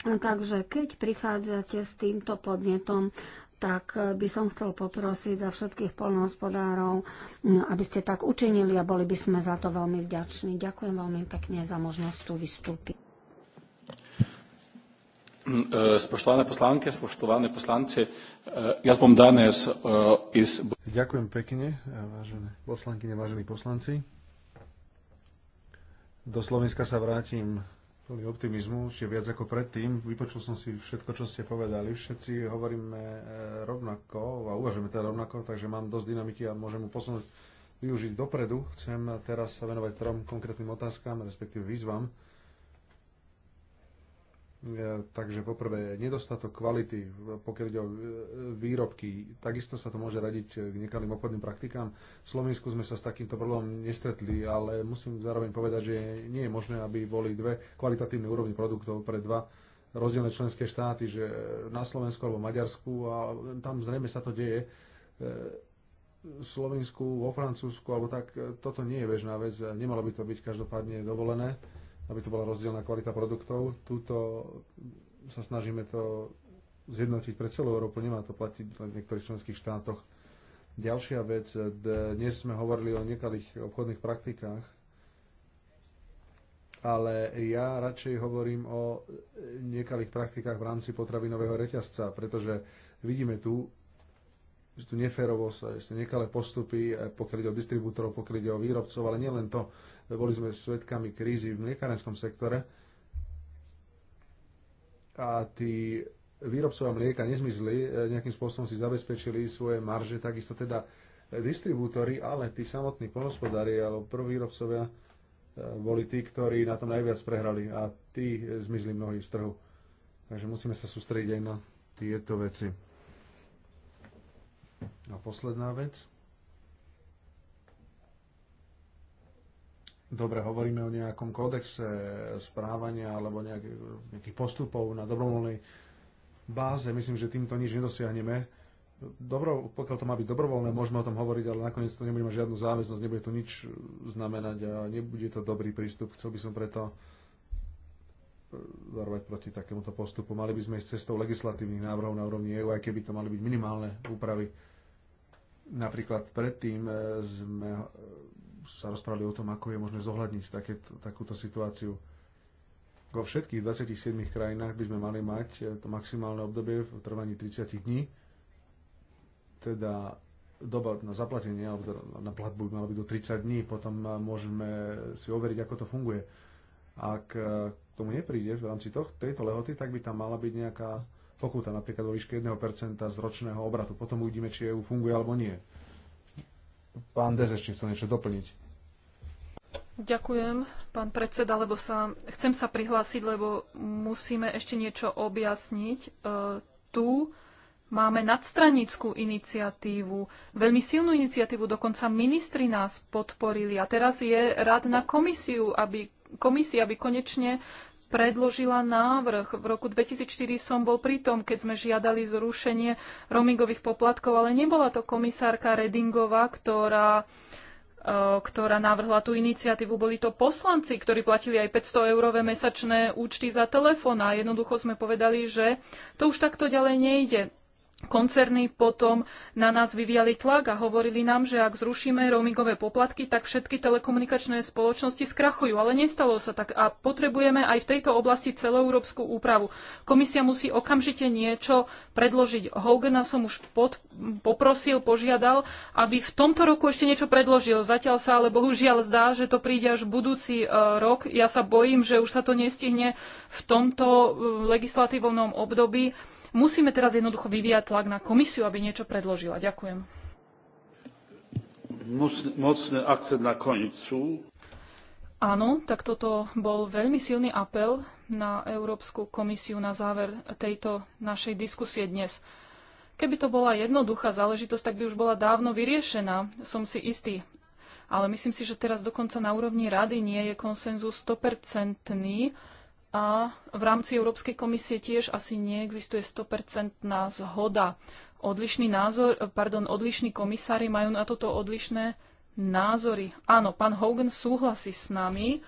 Takže keď prichádzate s týmto podnetom, tak e, by som chcel poprosiť za všetkých polnohospodárov, aby ste tak učinili a boli by sme za to veľmi vďační. Ďakujem veľmi pekne za možnosť tu vystúpiť. E, spoštované poslanke, spoštované poslanci, e, ja som danes iz... Ďakujem pekne, vážené poslanky, vážení poslanci. Do Slovenska sa vrátim plný optimizmu, ešte viac ako predtým. Vypočul som si všetko, čo ste povedali. Všetci hovoríme e, rovnako a uvažujeme teda rovnako, takže mám dosť dynamiky a môžem mu posunúť, využiť dopredu. Chcem teraz sa venovať trom konkrétnym otázkam, respektíve výzvam Takže poprvé, nedostatok kvality, pokiaľ ide o e, výrobky, takisto sa to môže radiť e, k nekalým obchodným praktikám. V Slovensku sme sa s takýmto problémom nestretli, ale musím zároveň povedať, že nie je možné, aby boli dve kvalitatívne úrovne produktov pre dva rozdielne členské štáty, že e, na Slovensku alebo Maďarsku, a tam zrejme sa to deje, v Slovensku, vo Francúzsku alebo tak, toto nie je bežná vec, nemalo by to byť každopádne dovolené aby tu bola rozdielna kvalita produktov. Tuto sa snažíme to zjednotiť pre celú Európu, nemá to platiť len v niektorých členských štátoch. Ďalšia vec, dnes sme hovorili o nekalých obchodných praktikách, ale ja radšej hovorím o nekalých praktikách v rámci potravinového reťazca, pretože vidíme tu že tu neférovosť, nekalé postupy, pokiaľ ide o distribútorov, pokiaľ ide o výrobcov, ale nielen to. Boli sme svedkami krízy v mliekarenskom sektore a tí výrobcovia mlieka nezmizli, e, nejakým spôsobom si zabezpečili svoje marže, takisto teda distribútory, ale tí samotní ponospodári alebo prvýrobcovia e, boli tí, ktorí na tom najviac prehrali a tí zmizli mnohí z trhu. Takže musíme sa sústrediť aj na tieto veci. A posledná vec. Dobre, hovoríme o nejakom kódexe správania alebo nejakých, nejakých postupov na dobrovoľnej báze. Myslím, že týmto nič nedosiahneme. Dobro, pokiaľ to má byť dobrovoľné, môžeme o tom hovoriť, ale nakoniec to nebude mať žiadnu záväznosť, nebude to nič znamenať a nebude to dobrý prístup. Chcel by som preto e, varovať proti takémuto postupu. Mali by sme ísť cestou legislatívnych návrhov na úrovni EU, aj keby to mali byť minimálne úpravy. Napríklad predtým e, sme sa rozprávali o tom, ako je možné zohľadniť také, takúto situáciu. Vo všetkých 27 krajinách by sme mali mať eh, to maximálne obdobie v trvaní 30 dní, teda doba na zaplatenie alebo teda na platbu by mala byť do 30 dní, potom eh, môžeme si overiť, ako to funguje. Ak eh, k tomu nepríde v rámci toho, tejto lehoty, tak by tam mala byť nejaká pokuta, napríklad vo výške 1% z ročného obratu. Potom uvidíme, či EU funguje alebo nie. Pán Dezeš, či chcel niečo doplniť. Ďakujem, pán predseda, lebo sa, chcem sa prihlásiť, lebo musíme ešte niečo objasniť. E, tu máme nadstranickú iniciatívu, veľmi silnú iniciatívu, dokonca ministri nás podporili a teraz je rád na komisiu, aby komisia by konečne predložila návrh. V roku 2004 som bol pri tom, keď sme žiadali zrušenie roamingových poplatkov, ale nebola to komisárka Redingová, ktorá e, ktorá navrhla tú iniciatívu. Boli to poslanci, ktorí platili aj 500 eurové mesačné účty za telefón a jednoducho sme povedali, že to už takto ďalej nejde. Koncerny potom na nás vyvíjali tlak a hovorili nám, že ak zrušíme roamingové poplatky, tak všetky telekomunikačné spoločnosti skrachujú. Ale nestalo sa tak a potrebujeme aj v tejto oblasti celoeurópsku úpravu. Komisia musí okamžite niečo predložiť. Hogana som už pod, poprosil, požiadal, aby v tomto roku ešte niečo predložil. Zatiaľ sa ale bohužiaľ zdá, že to príde až budúci uh, rok. Ja sa bojím, že už sa to nestihne v tomto uh, legislatívnom období. Musíme teraz jednoducho vyvíjať tlak na komisiu, aby niečo predložila. Ďakujem. Mocný, mocný akcent na Áno, tak toto bol veľmi silný apel na Európsku komisiu na záver tejto našej diskusie dnes. Keby to bola jednoduchá záležitosť, tak by už bola dávno vyriešená, som si istý. Ale myslím si, že teraz dokonca na úrovni rady nie je konsenzus 100% a v rámci Európskej komisie tiež asi neexistuje 100% zhoda. Odlišný názor, pardon, odlišní komisári majú na toto odlišné názory. Áno, pán Hogan súhlasí s nami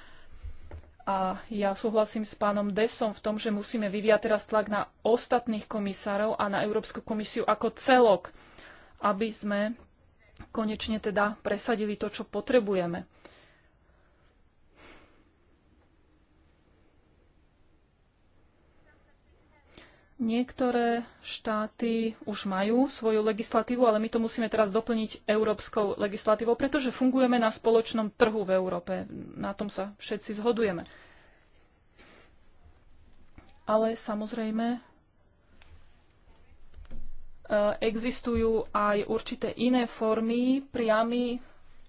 a ja súhlasím s pánom Desom v tom, že musíme vyviať teraz tlak na ostatných komisárov a na Európsku komisiu ako celok, aby sme konečne teda presadili to, čo potrebujeme. Niektoré štáty už majú svoju legislatívu, ale my to musíme teraz doplniť európskou legislatívou, pretože fungujeme na spoločnom trhu v Európe. Na tom sa všetci zhodujeme. Ale samozrejme e, existujú aj určité iné formy, priamy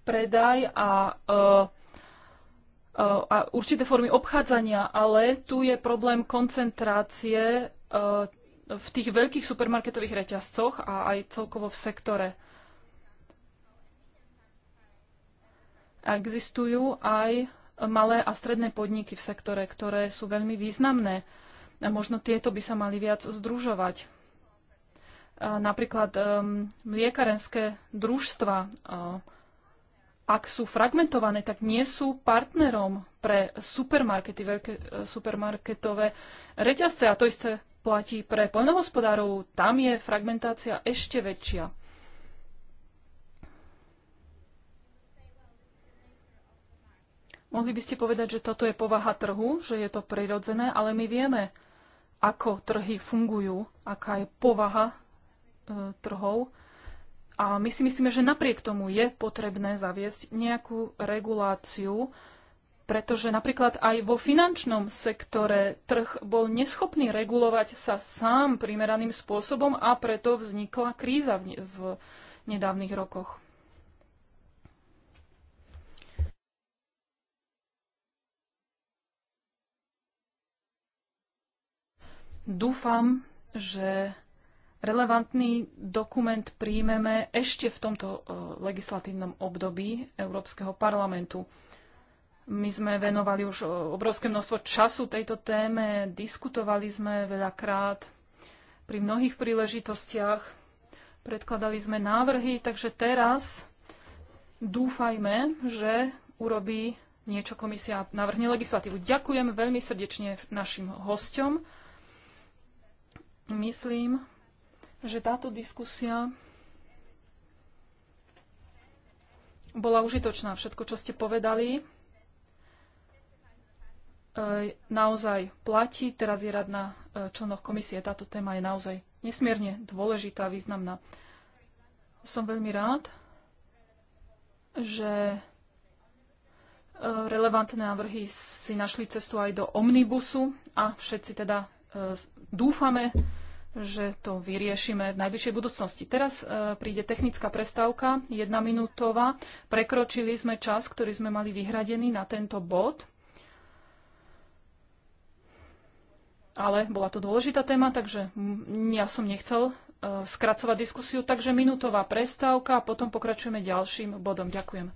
predaj a, e, e, a určité formy obchádzania, ale tu je problém koncentrácie Eh, v tých veľkých supermarketových reťazcoch a aj celkovo v sektore. Existujú aj malé a stredné podniky v sektore, ktoré sú veľmi významné. A možno tieto by sa mali viac združovať. A napríklad um, mliekarenské družstva, uh, ak sú fragmentované, tak nie sú partnerom pre supermarkety, veľké eh, supermarketové reťazce. A to isté platí pre poľnohospodárov, tam je fragmentácia ešte väčšia. Mohli by ste povedať, že toto je povaha trhu, že je to prirodzené, ale my vieme, ako trhy fungujú, aká je povaha e, trhov. A my si myslíme, že napriek tomu je potrebné zaviesť nejakú reguláciu, pretože napríklad aj vo finančnom sektore trh bol neschopný regulovať sa sám primeraným spôsobom a preto vznikla kríza v, nedávnych rokoch. Dúfam, že relevantný dokument príjmeme ešte v tomto e, legislatívnom období Európskeho parlamentu. My sme venovali už e, obrovské množstvo času tejto téme, diskutovali sme veľakrát pri mnohých príležitostiach, predkladali sme návrhy, takže teraz dúfajme, že urobí niečo komisia a navrhne legislatívu. Ďakujem veľmi srdečne našim hosťom. Myslím, že táto diskusia bola užitočná. Všetko, čo ste povedali, E, naozaj platí. Teraz je rad na e, členoch komisie. Táto téma je naozaj nesmierne dôležitá, významná. Som veľmi rád, že e, relevantné návrhy si našli cestu aj do omnibusu a všetci teda dúfame, že to vyriešime v najbližšej budúcnosti. Teraz príde technická prestávka, jedna minútová. Prekročili sme čas, ktorý sme mali vyhradený na tento bod. ale bola to dôležitá téma, takže ja som nechcel e, skracovať diskusiu, takže minútová prestávka a potom pokračujeme ďalším bodom. Ďakujem.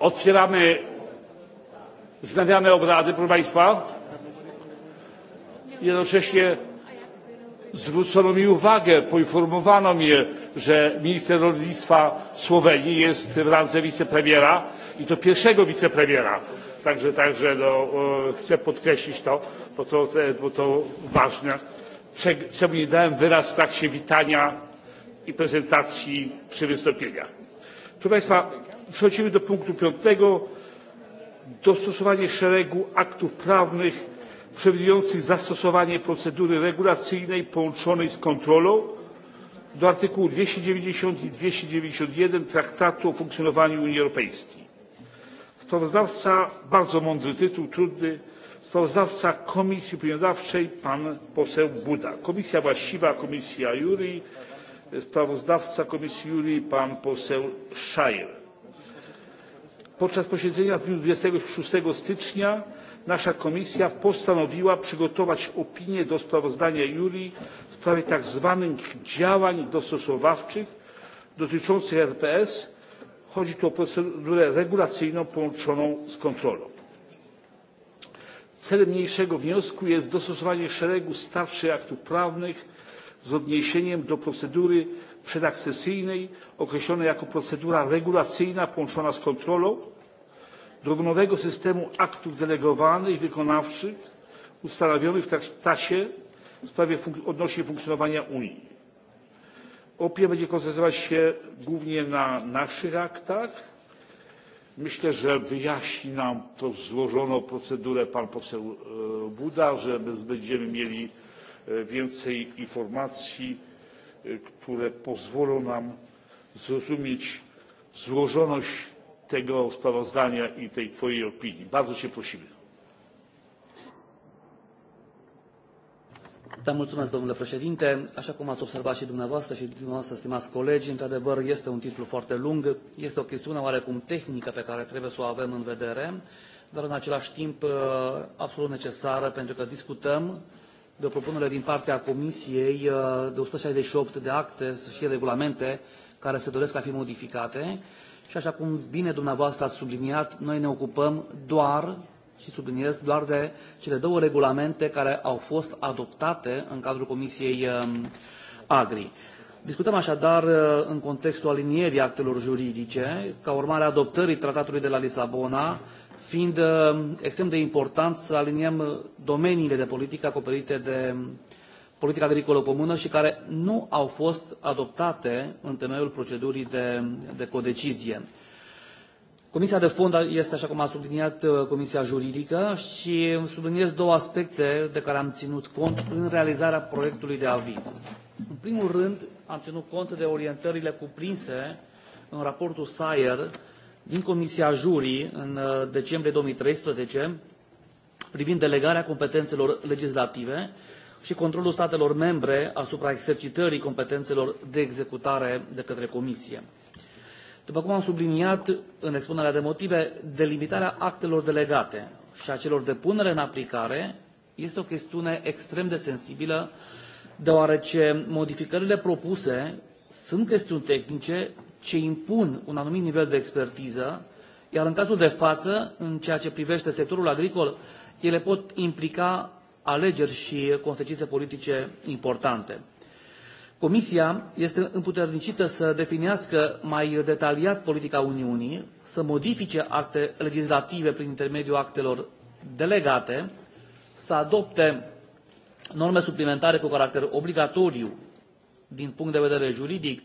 Otwieramy znawiane obrady, proszę Państwa. Jednocześnie zwrócono mi uwagę, poinformowano mnie, że minister rolnictwa Słowenii jest w randze wicepremiera i to pierwszego wicepremiera. Także, także no, chcę podkreślić to, bo to, bo to ważne. Czemu nie dałem wyraz w trakcie witania i prezentacji przy wystąpieniach. Proszę Państwa, Przechodzimy do punktu piątego. Dostosowanie szeregu aktów prawnych przewidujących zastosowanie procedury regulacyjnej połączonej z kontrolą do artykułów dwieście dziewięćdzisiąt i dwieście dziewięćdzisiąt jeden traktatu o funkcjonowaniu unii europejskiej. sprawozdawca bardzo mądry tytuł trudny sprawozdawca komisji opiniodawczej pan poseł buda komisja właściwa komisja juri sprawozdawca komisji juri pan poseł szjer podczas posiedzenia w dniu dwadzieścia sześć stycznia nasza komisja postanowiła przygotować opinię do sprawozdania juri w sprawie tak zwanych działań dostosowawczych dotyczących rps chodzi tu o procedurę regulacyjną połączoną z kontrolą. celem niniejszego wniosku jest dostosowanie szeregu starszych aktów prawnych z odniesieniem do procedury przedakcesyjnej określonej jako procedura regulacyjna połączona z kontrolą do nowego systemu aktów delegowanych i wykonawczych ustanowionych w traktacie w sprawie odnośnie funkcjonowania unii. opie będzie koncentrować się głównie na naszych aktach myślę że wyjaśni nam tą złożoną procedurę pan poseł e, buda że będziemy mieli e, więcej informacji które pozwolą nam zrozumieć złożoność tego sprawozdania i tej Twojej opinii. Bardzo Cię prosimy. Da, mulțumesc, domnule președinte. Așa cum ați observat și dumneavoastră și dumneavoastră, stimați colegi, într-adevăr este un titlu foarte lung, este o chestiune oarecum tehnică pe care trebuie să o avem în vedere, dar în același timp uh, absolut necesară pentru că discutăm de o propunere din partea Comisiei uh, de 168 de acte și regulamente care se doresc a fi modificate și așa cum bine dumneavoastră ați subliniat, noi ne ocupăm doar și subliniez doar de cele două regulamente care au fost adoptate în cadrul Comisiei um, Agri. Discutăm așadar uh, în contextul alinierii actelor juridice, ca urmare a adoptării Tratatului de la Lisabona fiind uh, extrem de important să aliniem uh, domeniile de politică acoperite de um, politica agricolă comună și care nu au fost adoptate în temeiul procedurii de, de codecizie. Comisia de fond este, așa cum a subliniat, uh, Comisia juridică și subliniez două aspecte de care am ținut cont în realizarea proiectului de aviz. În primul rând, am ținut cont de orientările cuprinse în raportul Sayer din Comisia Juri în uh, decembrie 2013 privind delegarea competențelor legislative și controlul statelor membre asupra exercitării competențelor de executare de către Comisie. După cum am subliniat în expunerea de motive, delimitarea actelor delegate și a celor de punere în aplicare este o chestiune extrem de sensibilă, deoarece modificările propuse sunt chestiuni tehnice ce impun un anumit nivel de expertiză, iar în cazul de față, în ceea ce privește sectorul agricol, ele pot implica alegeri și consecințe politice importante. Comisia este împuternicită să definească mai detaliat politica Uniunii, să modifice acte legislative prin intermediul actelor delegate, să adopte norme suplimentare cu caracter obligatoriu din punct de vedere juridic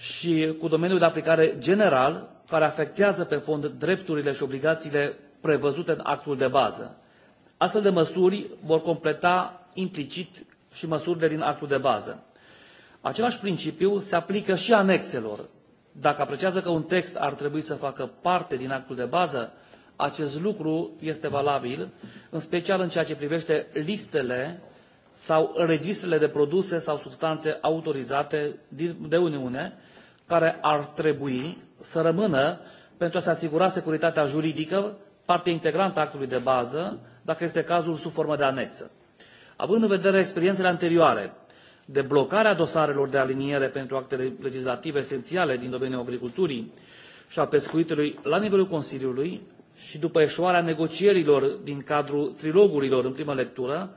și cu domeniul de aplicare general, care afectează pe fond drepturile și obligațiile prevăzute în actul de bază. Astfel de măsuri vor completa implicit și măsurile din actul de bază. Același principiu se aplică și anexelor. Dacă apreciază că un text ar trebui să facă parte din actul de bază, acest lucru este valabil, în special în ceea ce privește listele sau registrele de produse sau substanțe autorizate de Uniune, care ar trebui să rămână pentru a se asigura securitatea juridică, parte integrantă a actului de bază, dacă este cazul sub formă de anexă. Având în vedere experiențele anterioare de blocarea dosarelor de aliniere pentru actele legislative esențiale din domeniul agriculturii și a pescuitului la nivelul Consiliului și după eșoarea negocierilor din cadrul trilogurilor în primă lectură,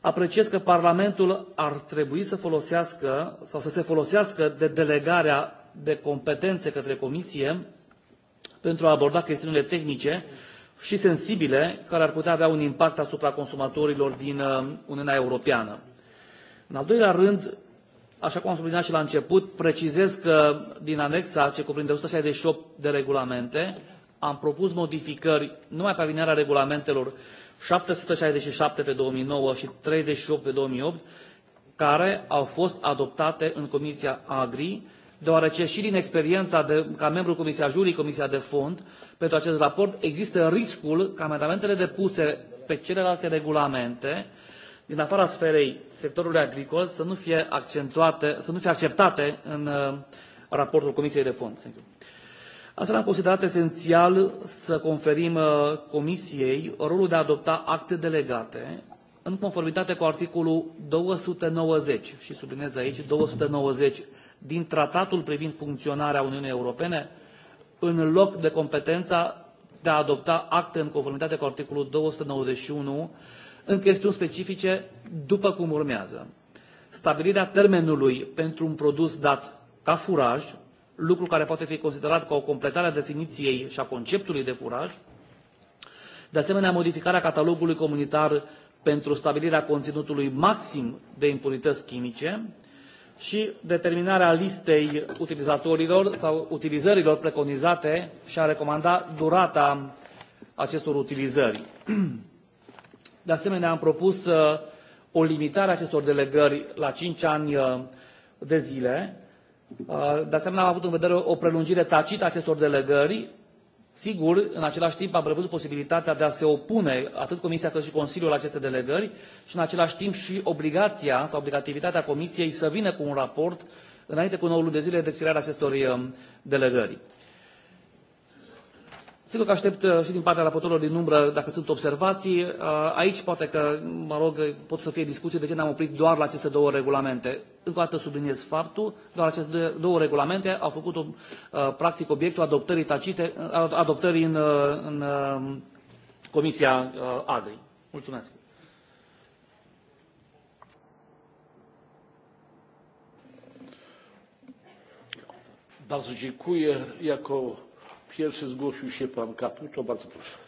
apreciez că Parlamentul ar trebui să folosească sau să se folosească de delegarea de competențe către Comisie pentru a aborda chestiunile tehnice și sensibile care ar putea avea un impact asupra consumatorilor din uh, Uniunea Europeană. În al doilea rând, așa cum am subliniat și la început, precizez că din anexa ce cuprinde 168 de regulamente, am propus modificări numai pe alinearea regulamentelor 767 pe 2009 și 38 pe 2008, care au fost adoptate în Comisia Agri deoarece și din experiența de, ca membru Comisia Jurii, Comisia de Fond, pentru acest raport există riscul ca amendamentele depuse pe celelalte regulamente din afara sferei sectorului agricol să nu fie, accentuate, să nu fie acceptate în uh, raportul Comisiei de Fond. Astfel am considerat esențial să conferim uh, Comisiei rolul de a adopta acte delegate în conformitate cu articolul 290 și sublinez aici 290 din tratatul privind funcționarea Uniunii Europene, în loc de competența de a adopta acte în conformitate cu articolul 291 în chestiuni specifice, după cum urmează. Stabilirea termenului pentru un produs dat ca furaj, lucru care poate fi considerat ca o completare a definiției și a conceptului de furaj, de asemenea, modificarea catalogului comunitar pentru stabilirea conținutului maxim de impurități chimice, și determinarea listei utilizatorilor sau utilizărilor preconizate și a recomanda durata acestor utilizări. [CLEARS THROAT] De asemenea, am propus uh, o limitare a acestor delegări la 5 ani uh, de zile. Uh, de asemenea, am avut în vedere o prelungire tacită a acestor delegări Sigur, în același timp am prevăzut posibilitatea de a se opune atât Comisia cât și Consiliul la aceste delegări și în același timp și obligația sau obligativitatea Comisiei să vină cu un raport înainte cu 9 luni de zile de expirarea acestor um, delegări. Sigur că aștept uh, și din partea raportorilor din umbră dacă sunt observații. Uh, aici poate că, mă rog, pot să fie discuții de ce ne-am oprit doar la aceste două regulamente. Încă o dată subliniez faptul, doar aceste două regulamente au făcut uh, practic obiectul adoptării tacite, adoptării în, în Comisia Agri. Mulțumesc. Bardzo dziękuję. Jako Pierwszy zgłosił się pan Caputo. Bardzo proszę.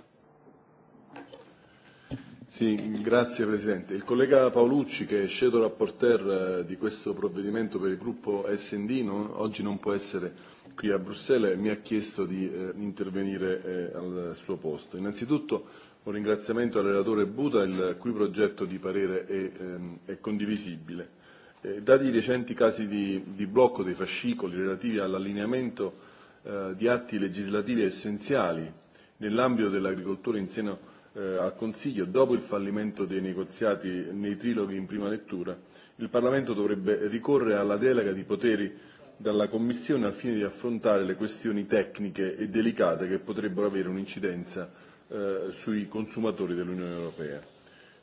Sì, grazie Presidente. Il collega Paolucci, che è shadow rapporteur eh, di questo provvedimento per il gruppo SD, non, oggi non può essere qui a Bruxelles e mi ha chiesto di eh, intervenire eh, al suo posto. Innanzitutto un ringraziamento al relatore Buda, il cui progetto di parere è, ehm, è condivisibile. Eh, dati i recenti casi di, di blocco dei fascicoli relativi all'allineamento eh, di atti legislativi essenziali nell'ambito dell'agricoltura in seno eh, al Consiglio, dopo il fallimento dei negoziati nei triloghi in prima lettura, il Parlamento dovrebbe ricorrere alla delega di poteri dalla Commissione al fine di affrontare le questioni tecniche e delicate che potrebbero avere un'incidenza eh, sui consumatori dell'Unione Europea.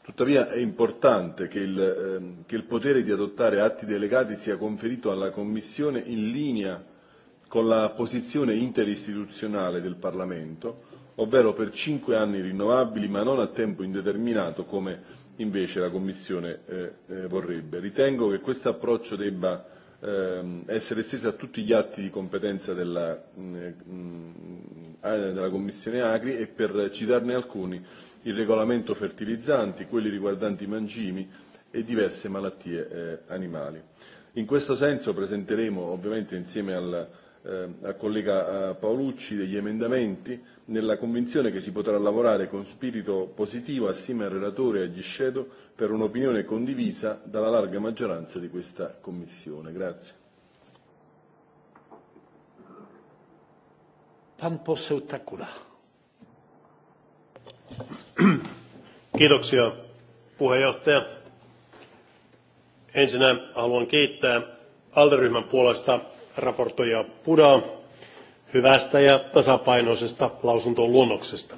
Tuttavia è importante che il, eh, che il potere di adottare atti delegati sia conferito alla Commissione in linea con la posizione interistituzionale del Parlamento, ovvero per cinque anni rinnovabili ma non a tempo indeterminato come invece la Commissione eh, eh, vorrebbe. Ritengo che questo approccio debba ehm, essere esteso a tutti gli atti di competenza della, mh, mm, eh, mm, eh, della Commissione Agri e per citarne alcuni il regolamento fertilizzanti, quelli riguardanti i mangimi e diverse malattie eh, animali. In questo senso presenteremo ovviamente insieme al Ehm, eh, al collega Paolucci degli emendamenti, nella convinzione che si potrà lavorare con spirito positivo assieme al relatore e agli shadow per un'opinione condivisa dalla larga maggioranza di questa Commissione. Grazie. Pan Kiitoksia puheenjohtaja. Ensinnä haluan kiittää alderyhmän puolesta raportoja Pudaa hyvästä ja tasapainoisesta lausuntoluonnoksesta.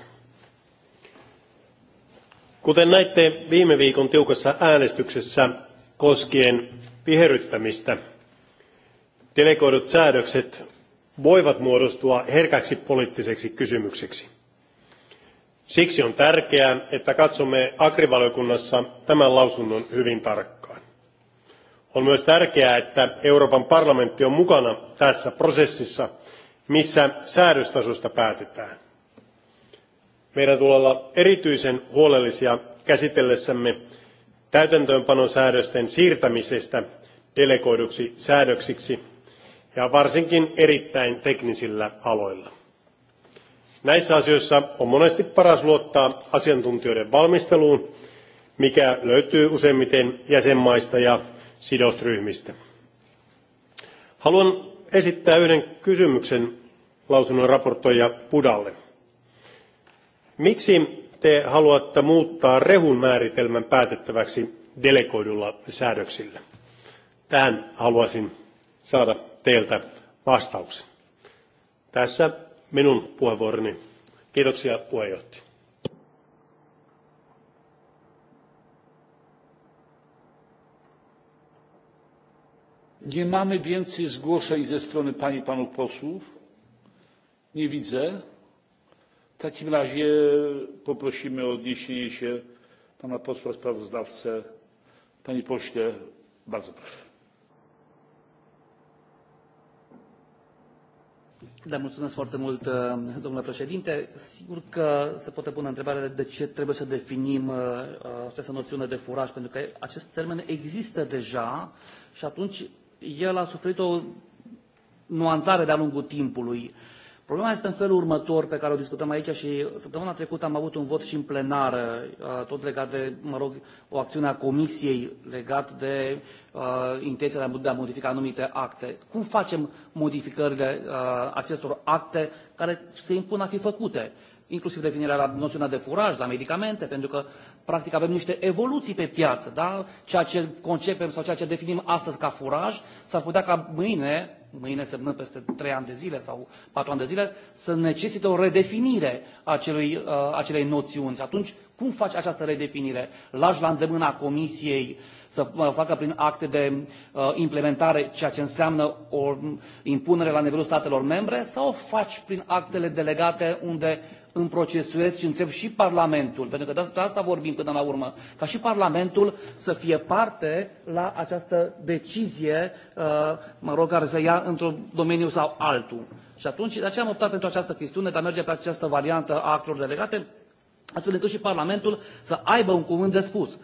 Kuten näitte viime viikon tiukassa äänestyksessä koskien viherryttämistä, delegoidut säädökset voivat muodostua herkäksi poliittiseksi kysymykseksi. Siksi on tärkeää, että katsomme agrivaliokunnassa tämän lausunnon hyvin tarkkaan on myös tärkeää että euroopan parlamentti on mukana tässä prosessissa missä säädöstasosta päätetään. meidän tulee olla erityisen huolellisia käsitellessämme täytäntöönpanosäädösten siirtämisestä delegoiduksi säädöksiksi ja varsinkin erittäin teknisillä aloilla. näissä asioissa on monesti paras luottaa asiantuntijoiden valmisteluun mikä löytyy useimmiten jäsenmaista ja sidosryhmistä. Haluan esittää yhden kysymyksen lausunnon raportoija Pudalle. Miksi te haluatte muuttaa rehun määritelmän päätettäväksi delegoidulla säädöksillä? Tähän haluaisin saada teiltä vastauksen. Tässä minun puheenvuoroni. Kiitoksia puheenjohtaja. Nie mamy więcej zgłoszeń ze strony pań i panów posłów. Nie widzę. W takim razie poprosimy o odniesienie się pana posła sprawozdawcę. Panie pośle, bardzo proszę. Da, mulțumesc foarte mult, uh, domnule președinte. Sigur că se poate pune întrebarea de ce trebuie să definim uh, această noțiune de furaj, pentru că acest termen există deja și atunci el a suferit o nuanțare de-a lungul timpului. Problema este în felul următor pe care o discutăm aici și săptămâna trecută am avut un vot și în plenară, uh, tot legat de, mă rog, o acțiune a Comisiei legat de uh, intenția de a modifica anumite acte. Cum facem modificările uh, acestor acte care se impun a fi făcute? inclusiv revenirea la noțiunea de furaj, la medicamente, pentru că practic avem niște evoluții pe piață, da? Ceea ce concepem sau ceea ce definim astăzi ca furaj, s-ar putea ca mâine, mâine semnând peste trei ani de zile sau patru ani de zile, să necesite o redefinire a acelui, uh, acelei noțiuni. Și atunci, cum faci această redefinire? Lași la îndemâna Comisiei să uh, facă prin acte de uh, implementare ceea ce înseamnă o impunere la nivelul statelor membre sau o faci prin actele delegate unde îmi procesuez și întreb și Parlamentul, pentru că de asta, vorbim până la urmă, ca și Parlamentul să fie parte la această decizie, uh, mă rog, care se ia într-un domeniu sau altul. Și atunci, de aceea am optat pentru această chestiune, de a merge pe această variantă a actelor delegate, astfel încât și Parlamentul să aibă un cuvânt de spus.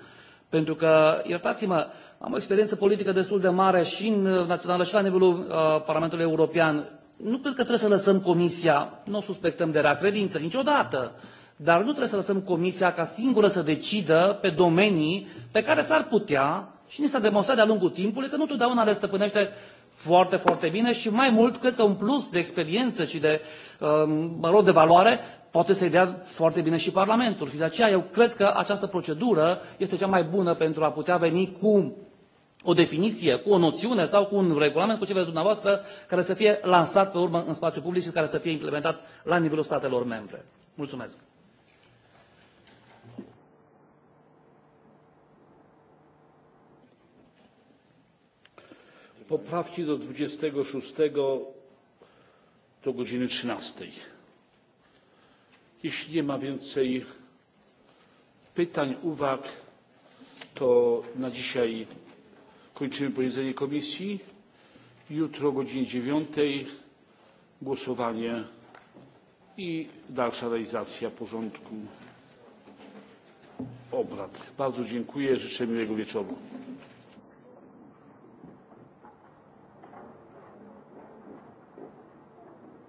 Pentru că, iertați-mă, am o experiență politică destul de mare și în uh, națională și la nivelul uh, Parlamentului European nu cred că trebuie să lăsăm comisia, nu o suspectăm de rea credință niciodată, dar nu trebuie să lăsăm comisia ca singură să decidă pe domenii pe care s-ar putea și ni s-a demonstrat de-a lungul timpului că nu totdeauna le stăpânește foarte, foarte bine și mai mult, cred că un plus de experiență și de, um, mă rog, de valoare poate să-i dea foarte bine și Parlamentul. Și de aceea eu cred că această procedură este cea mai bună pentru a putea veni cu o definiție, cu o noțiune sau cu un regulament, cu ce vreți dumneavoastră, care să fie lansat pe urmă în spațiu public și care să fie implementat la nivelul statelor membre. Mulțumesc! poprawki do 26 do godziny 13. jeśli nie ma więcej pytań uwag to na dzisiaj kończymy posiedzenie komisji. Jutro o godzinie dziewiątej głosowanie i dalsza realizacja porządku obrad. Bardzo dziękuję. Życzę miłego wieczoru.